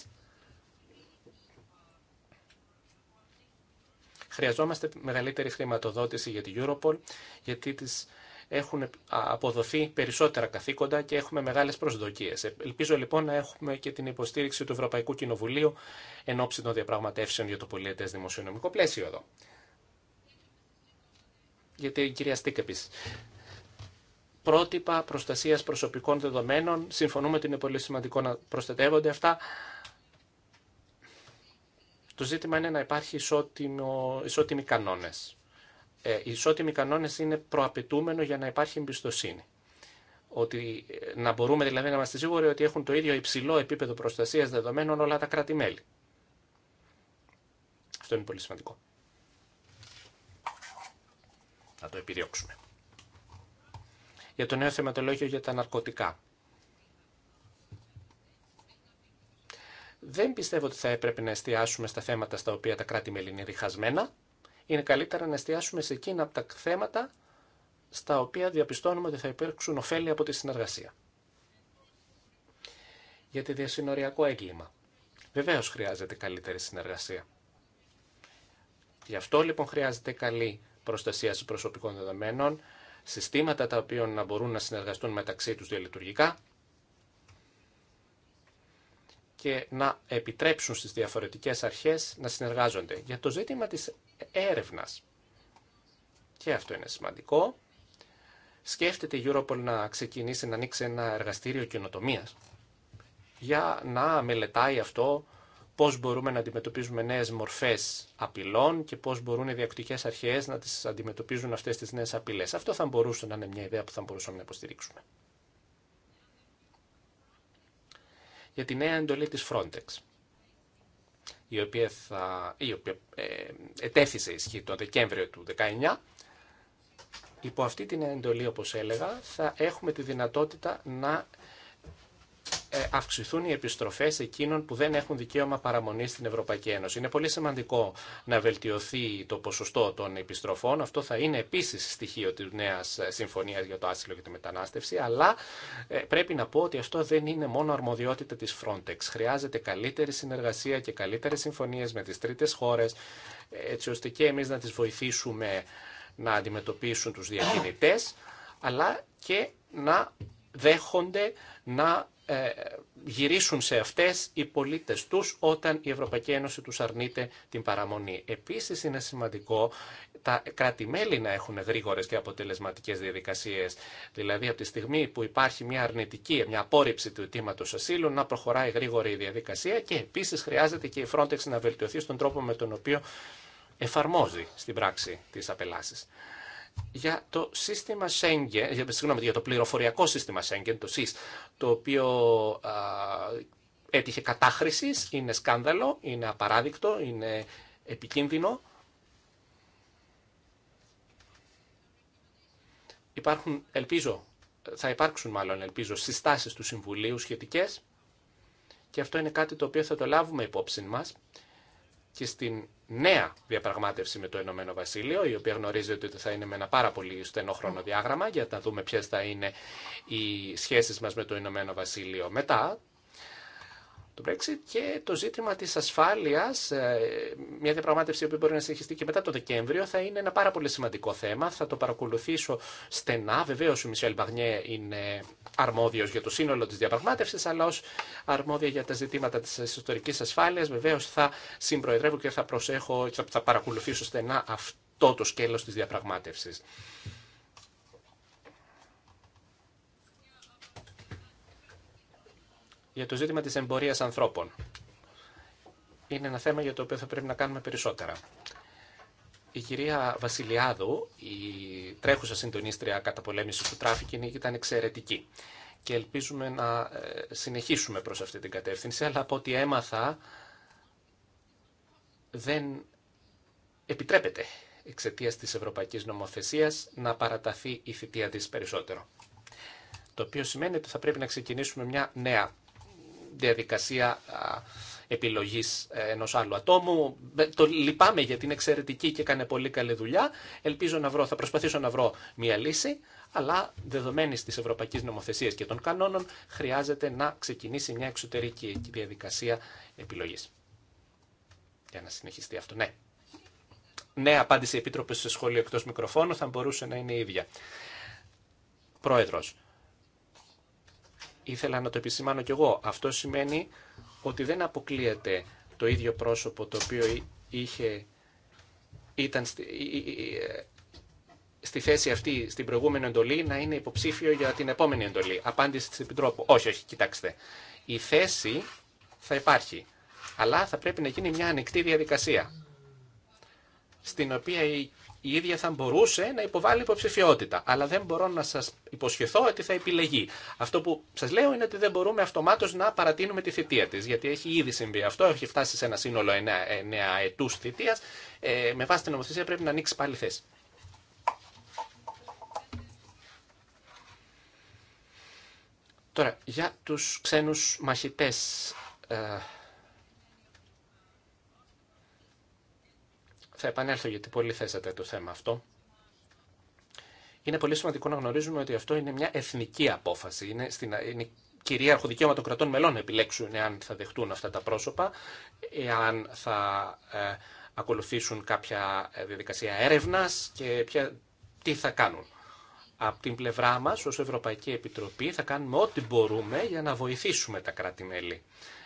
Χρειαζόμαστε μεγαλύτερη χρηματοδότηση για την Europol, γιατί τις έχουν αποδοθεί περισσότερα καθήκοντα και έχουμε μεγάλες προσδοκίες. Ελπίζω λοιπόν να έχουμε και την υποστήριξη του Ευρωπαϊκού Κοινοβουλίου εν ώψη των διαπραγματεύσεων για το πολιετές δημοσιονομικό πλαίσιο εδώ. Γιατί η κυρία Στίκ Πρότυπα προστασίας προσωπικών δεδομένων. Συμφωνούμε ότι είναι πολύ σημαντικό να προστατεύονται αυτά. Το ζήτημα είναι να υπάρχει ισότιμοι κανόνες οι ε, ισότιμοι κανόνε είναι προαπαιτούμενο για να υπάρχει εμπιστοσύνη. Ότι, ε, να μπορούμε δηλαδή να είμαστε σίγουροι ότι έχουν το ίδιο υψηλό επίπεδο προστασίας δεδομένων όλα τα κράτη-μέλη. Αυτό είναι πολύ σημαντικό. Να το επιδιώξουμε. Για το νέο θεματολόγιο για τα ναρκωτικά. Δεν πιστεύω ότι θα έπρεπε να εστιάσουμε στα θέματα στα οποία τα κράτη-μέλη είναι διχασμένα είναι καλύτερα να εστιάσουμε σε εκείνα από τα θέματα στα οποία διαπιστώνουμε ότι θα υπέρξουν ωφέλη από τη συνεργασία. Για τη διασυνοριακό έγκλημα. Βεβαίως χρειάζεται καλύτερη συνεργασία. Γι' αυτό λοιπόν χρειάζεται καλή προστασία προσωπικών δεδομένων, συστήματα τα οποία να μπορούν να συνεργαστούν μεταξύ τους διαλειτουργικά και να επιτρέψουν στις διαφορετικές αρχές να συνεργάζονται. Για το ζήτημα της έρευνας. Και αυτό είναι σημαντικό. Σκέφτεται η Europol να ξεκινήσει να ανοίξει ένα εργαστήριο καινοτομία για να μελετάει αυτό πώς μπορούμε να αντιμετωπίζουμε νέες μορφές απειλών και πώς μπορούν οι διακτικές αρχές να τις αντιμετωπίζουν αυτές τις νέες απειλές. Αυτό θα μπορούσε να είναι μια ιδέα που θα μπορούσαμε να υποστηρίξουμε. Για τη νέα εντολή της Frontex η οποία, θα, η οποία ε, ετέθησε ισχύ το Δεκέμβριο του 2019. Υπό αυτή την εντολή, όπως έλεγα, θα έχουμε τη δυνατότητα να ε, αυξηθούν οι επιστροφέ εκείνων που δεν έχουν δικαίωμα παραμονή στην Ευρωπαϊκή Ένωση. Είναι πολύ σημαντικό να βελτιωθεί το ποσοστό των επιστροφών. Αυτό θα είναι επίση στοιχείο τη νέα ε, Συμφωνία για το άσυλο και τη μετανάστευση. Αλλά ε, πρέπει να πω ότι αυτό δεν είναι μόνο αρμοδιότητα τη Frontex. Χρειάζεται καλύτερη συνεργασία και καλύτερε συμφωνίε με τι τρίτε χώρε, έτσι ώστε και εμεί να τι βοηθήσουμε να αντιμετωπίσουν τους διακινητές αλλά και να δέχονται να ε, γυρίσουν σε αυτές οι πολίτες τους όταν η Ευρωπαϊκή Ένωση τους αρνείται την παραμονή. Επίσης είναι σημαντικό τα κράτη-μέλη να έχουν γρήγορες και αποτελεσματικές διαδικασίες. Δηλαδή από τη στιγμή που υπάρχει μια αρνητική, μια απόρριψη του αιτήματο ασύλου να προχωράει γρήγορα η διαδικασία και επίσης χρειάζεται και η Frontex να βελτιωθεί στον τρόπο με τον οποίο εφαρμόζει στην πράξη τις απελάσεις για το σύστημα Schengen, συγγνώμη, για το πληροφοριακό σύστημα Schengen, το ΣΥΣ, το οποίο α, έτυχε κατάχρησης, είναι σκάνδαλο, είναι απαράδεικτο, είναι επικίνδυνο. Υπάρχουν, ελπίζω, θα υπάρξουν μάλλον, ελπίζω, συστάσεις του Συμβουλίου σχετικές και αυτό είναι κάτι το οποίο θα το λάβουμε υπόψη μας και στην νέα διαπραγμάτευση με το Ηνωμένο Βασίλειο, η οποία γνωρίζει ότι θα είναι με ένα πάρα πολύ στενό χρονοδιάγραμμα για να δούμε ποιε θα είναι οι σχέσει μα με το Ηνωμένο Βασίλειο μετά Brexit και το ζήτημα της ασφάλειας, ε, μια διαπραγμάτευση που μπορεί να συνεχιστεί και μετά το Δεκέμβριο, θα είναι ένα πάρα πολύ σημαντικό θέμα. Θα το παρακολουθήσω στενά. βεβαίω, ο Μισελ Μπαγνιέ είναι αρμόδιος για το σύνολο της διαπραγμάτευσης, αλλά ως αρμόδια για τα ζητήματα της ιστορικής ασφάλειας, Βεβαίω θα συμπροεδρεύω και θα προσέχω και θα παρακολουθήσω στενά αυτό το σκέλος της διαπραγμάτευσης. για το ζήτημα της εμπορίας ανθρώπων. Είναι ένα θέμα για το οποίο θα πρέπει να κάνουμε περισσότερα. Η κυρία Βασιλιάδου, η τρέχουσα συντονίστρια πολέμηση του τράφικινγκ, ήταν εξαιρετική και ελπίζουμε να ε, συνεχίσουμε προς αυτή την κατεύθυνση, αλλά από ό,τι έμαθα δεν επιτρέπεται εξαιτία της Ευρωπαϊκής Νομοθεσίας να παραταθεί η θητεία της περισσότερο. Το οποίο σημαίνει ότι θα πρέπει να ξεκινήσουμε μια νέα διαδικασία επιλογή ε, ενό άλλου ατόμου. Το λυπάμαι γιατί είναι εξαιρετική και έκανε πολύ καλή δουλειά. Ελπίζω να βρω, θα προσπαθήσω να βρω μια λύση, αλλά δεδομένη τη Ευρωπαϊκή Νομοθεσία και των κανόνων χρειάζεται να ξεκινήσει μια εξωτερική διαδικασία επιλογή. Για να συνεχιστεί αυτό. Ναι. Ναι, απάντησε η Επίτροπη σε σχόλιο εκτό μικροφώνου, θα μπορούσε να είναι η ίδια. Πρόεδρος ήθελα να το επισημάνω κι εγώ. Αυτό σημαίνει ότι δεν αποκλείεται το ίδιο πρόσωπο το οποίο είχε, ήταν στη, ε, στη θέση αυτή στην προηγούμενη εντολή να είναι υποψήφιο για την επόμενη εντολή. Απάντηση τη Επιτρόπου. Όχι, όχι, κοιτάξτε. Η θέση θα υπάρχει. Αλλά θα πρέπει να γίνει μια ανοιχτή διαδικασία στην οποία η, ίδια θα μπορούσε να υποβάλει υποψηφιότητα. Αλλά δεν μπορώ να σας υποσχεθώ ότι θα επιλεγεί. Αυτό που σας λέω είναι ότι δεν μπορούμε αυτομάτως να παρατείνουμε τη θητεία της, γιατί έχει ήδη συμβεί αυτό, έχει φτάσει σε ένα σύνολο 9, 9 θητείας. Ε, με βάση την νομοθεσία πρέπει να ανοίξει πάλι θέση. Τώρα, για τους ξένους μαχητές... Ε, Θα επανέλθω γιατί πολύ θέσατε το θέμα αυτό. Είναι πολύ σημαντικό να γνωρίζουμε ότι αυτό είναι μια εθνική απόφαση. Είναι, στην, είναι κυρίαρχο δικαίωμα των κρατών μελών να επιλέξουν εάν θα δεχτούν αυτά τα πρόσωπα, εάν θα ε, ακολουθήσουν κάποια ε, διαδικασία έρευνας και ποια, τι θα κάνουν. Από την πλευρά μας, ως Ευρωπαϊκή Επιτροπή, θα κάνουμε ό,τι μπορούμε για να βοηθήσουμε τα κράτη-μέλη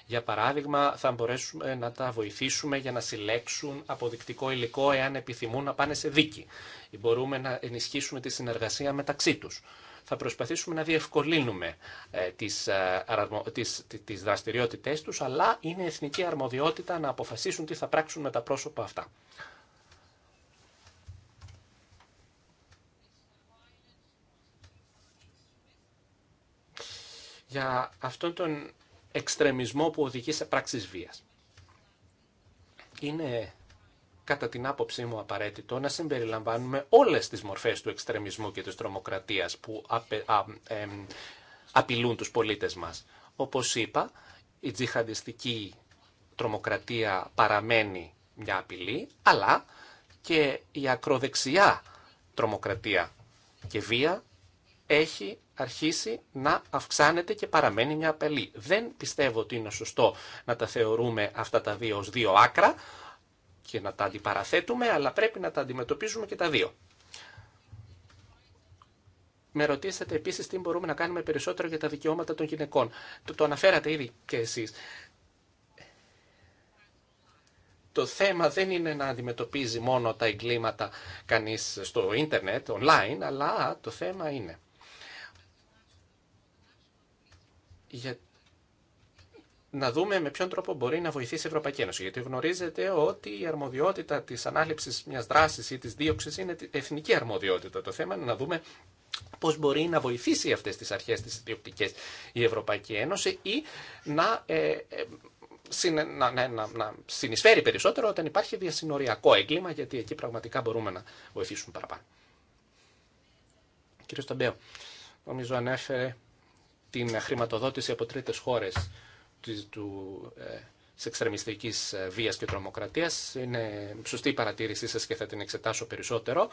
για παράδειγμα, θα μπορέσουμε να τα βοηθήσουμε για να συλλέξουν αποδεικτικό υλικό εάν επιθυμούν να πάνε σε δίκη. Ή μπορούμε να ενισχύσουμε τη συνεργασία μεταξύ τους. Θα προσπαθήσουμε να διευκολύνουμε ε, ε, τις, τις, τις δραστηριότητές τους, αλλά είναι εθνική αρμοδιότητα να αποφασίσουν τι θα πράξουν με τα πρόσωπα αυτά. για αυτόν τον εξτρεμισμό που οδηγεί σε πράξεις βίας. Είναι κατά την άποψή μου απαραίτητο να συμπεριλαμβάνουμε όλες τις μορφές του εξτρεμισμού και της τρομοκρατίας που απειλούν τους πολίτες μας. Όπως είπα, η τζιχαντιστική τρομοκρατία παραμένει μια απειλή, αλλά και η ακροδεξιά τρομοκρατία και βία έχει αρχίσει να αυξάνεται και παραμένει μια απελή. Δεν πιστεύω ότι είναι σωστό να τα θεωρούμε αυτά τα δύο ως δύο άκρα και να τα αντιπαραθέτουμε, αλλά πρέπει να τα αντιμετωπίζουμε και τα δύο. Με ρωτήσατε επίσης τι μπορούμε να κάνουμε περισσότερο για τα δικαιώματα των γυναικών. Το, αναφέρατε ήδη και εσείς. Το θέμα δεν είναι να αντιμετωπίζει μόνο τα εγκλήματα κανείς στο ίντερνετ, online, αλλά το θέμα είναι για να δούμε με ποιον τρόπο μπορεί να βοηθήσει η Ευρωπαϊκή Ένωση. Γιατί γνωρίζετε ότι η αρμοδιότητα τη ανάληψη μια δράση ή τη δίωξη είναι εθνική αρμοδιότητα. Το θέμα είναι να δούμε πώ μπορεί να βοηθήσει αυτέ τι αρχέ τι διοκτικέ η Ευρωπαϊκή Ένωση αρχε τη ιδιοκτικε η ευρωπαικη ενωση η να, ε, ε, να, να, να συνεισφέρει περισσότερο όταν υπάρχει διασυνοριακό έγκλημα, γιατί εκεί πραγματικά μπορούμε να βοηθήσουμε παραπάνω. Κύριο Σταμπέο, νομίζω ανέφερε την χρηματοδότηση από τρίτε χώρες του, ε, της εξτρεμιστικής ε, βίας και τρομοκρατίας. Είναι σωστή η παρατήρησή σας και θα την εξετάσω περισσότερο.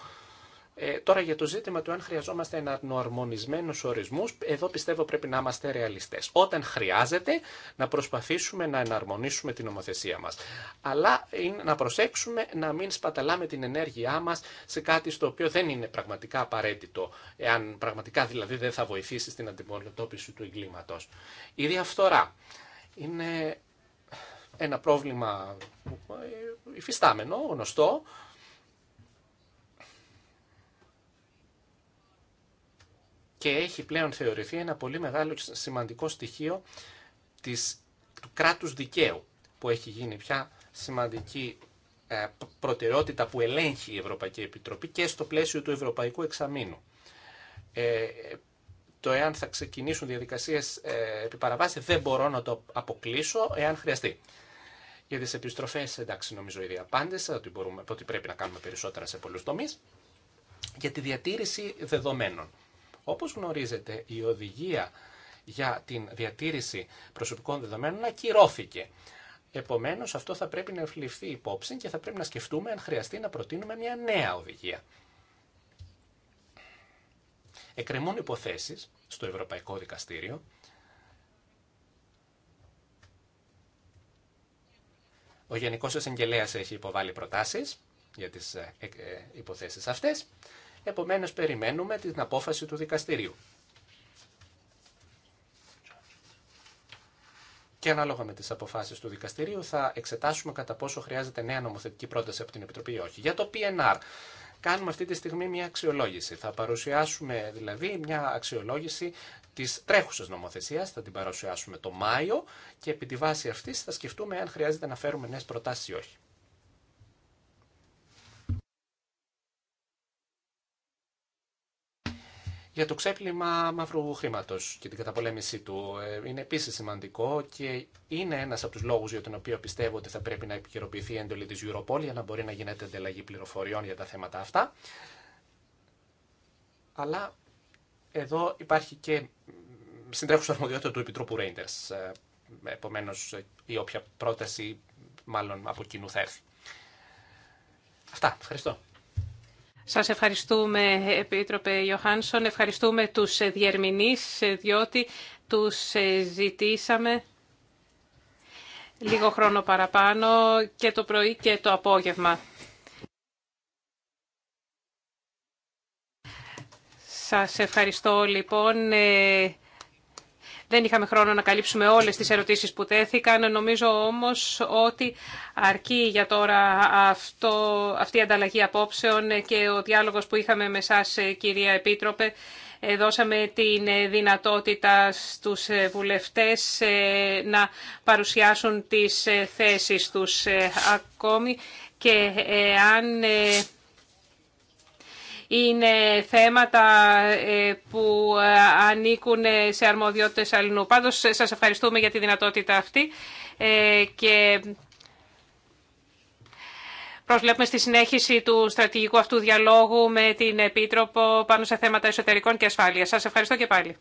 Ε, τώρα για το ζήτημα του αν χρειαζόμαστε εναρμονισμένους ορισμούς, εδώ πιστεύω πρέπει να είμαστε ρεαλιστές. Όταν χρειάζεται να προσπαθήσουμε να εναρμονίσουμε την ομοθεσία μας. Αλλά είναι να προσέξουμε να μην σπαταλάμε την ενέργειά μας σε κάτι στο οποίο δεν είναι πραγματικά απαραίτητο, εάν πραγματικά δηλαδή δεν θα βοηθήσει στην αντιμετώπιση του εγκλήματος. Η διαφθορά είναι ένα πρόβλημα ε, υφιστάμενο, γνωστό, και έχει πλέον θεωρηθεί ένα πολύ μεγάλο σημαντικό στοιχείο της, του κράτους δικαίου που έχει γίνει πια σημαντική ε, προτεραιότητα που ελέγχει η Ευρωπαϊκή Επιτροπή και στο πλαίσιο του Ευρωπαϊκού Εξαμήνου. Ε, το εάν θα ξεκινήσουν διαδικασίες ε, επί δεν μπορώ να το αποκλείσω εάν χρειαστεί. Για τι επιστροφέ, εντάξει νομίζω ήδη απάντησα ότι, ότι πρέπει να κάνουμε περισσότερα σε πολλού τομεί Για τη διατήρηση δεδομένων. Όπως γνωρίζετε, η οδηγία για την διατήρηση προσωπικών δεδομένων ακυρώθηκε. Επομένως, αυτό θα πρέπει να ευληφθεί υπόψη και θα πρέπει να σκεφτούμε αν χρειαστεί να προτείνουμε μια νέα οδηγία. Εκκρεμούν υποθέσεις στο Ευρωπαϊκό Δικαστήριο Ο Γενικός Εισαγγελέας έχει υποβάλει προτάσεις για τις ε, ε, υποθέσεις αυτές Επομένως, περιμένουμε την απόφαση του δικαστηρίου. Και ανάλογα με τις αποφάσεις του δικαστηρίου θα εξετάσουμε κατά πόσο χρειάζεται νέα νομοθετική πρόταση από την Επιτροπή ή όχι. Για το PNR κάνουμε αυτή τη στιγμή μια αξιολόγηση. Θα παρουσιάσουμε δηλαδή μια αξιολόγηση της τρέχουσας νομοθεσίας, θα την παρουσιάσουμε το Μάιο και επί τη βάση αυτή θα σκεφτούμε αν χρειάζεται να φέρουμε νέε προτάσει ή όχι. για το ξέπλυμα μαύρου χρήματο και την καταπολέμησή του. Ε, είναι επίση σημαντικό και είναι ένα από του λόγου για τον οποίο πιστεύω ότι θα πρέπει να επικαιροποιηθεί η έντολη τη Europol για να μπορεί να γίνεται ανταλλαγή πληροφοριών για τα θέματα αυτά. Αλλά εδώ υπάρχει και συντρέχουσα αρμοδιότητα του Επιτρόπου Ρέιντερ. Επομένω, ε, η όποια πρόταση μάλλον από κοινού θα έρθει. Αυτά. Ευχαριστώ. Σας ευχαριστούμε, Επίτροπε Ιωάννσον. Ευχαριστούμε τους διερμηνείς, διότι τους ζητήσαμε λίγο χρόνο παραπάνω και το πρωί και το απόγευμα. Σας ευχαριστώ, λοιπόν. Ε, δεν είχαμε χρόνο να καλύψουμε όλες τις ερωτήσεις που τέθηκαν. Νομίζω όμως ότι αρκεί για τώρα αυτό, αυτή η ανταλλαγή απόψεων και ο διάλογος που είχαμε με εσάς, κυρία Επίτροπε, ε, δώσαμε την ε, δυνατότητα στους ε, βουλευτές να παρουσιάσουν τις θέσεις τους ακόμη και αν είναι θέματα ε, που ε, ανήκουν σε αρμοδιότητες αλληλού. Πάντως σας ευχαριστούμε για τη δυνατότητα αυτή ε, και Προσβλέπουμε στη συνέχιση του στρατηγικού αυτού διαλόγου με την Επίτροπο πάνω σε θέματα εσωτερικών και ασφάλειας. Σας ευχαριστώ και πάλι.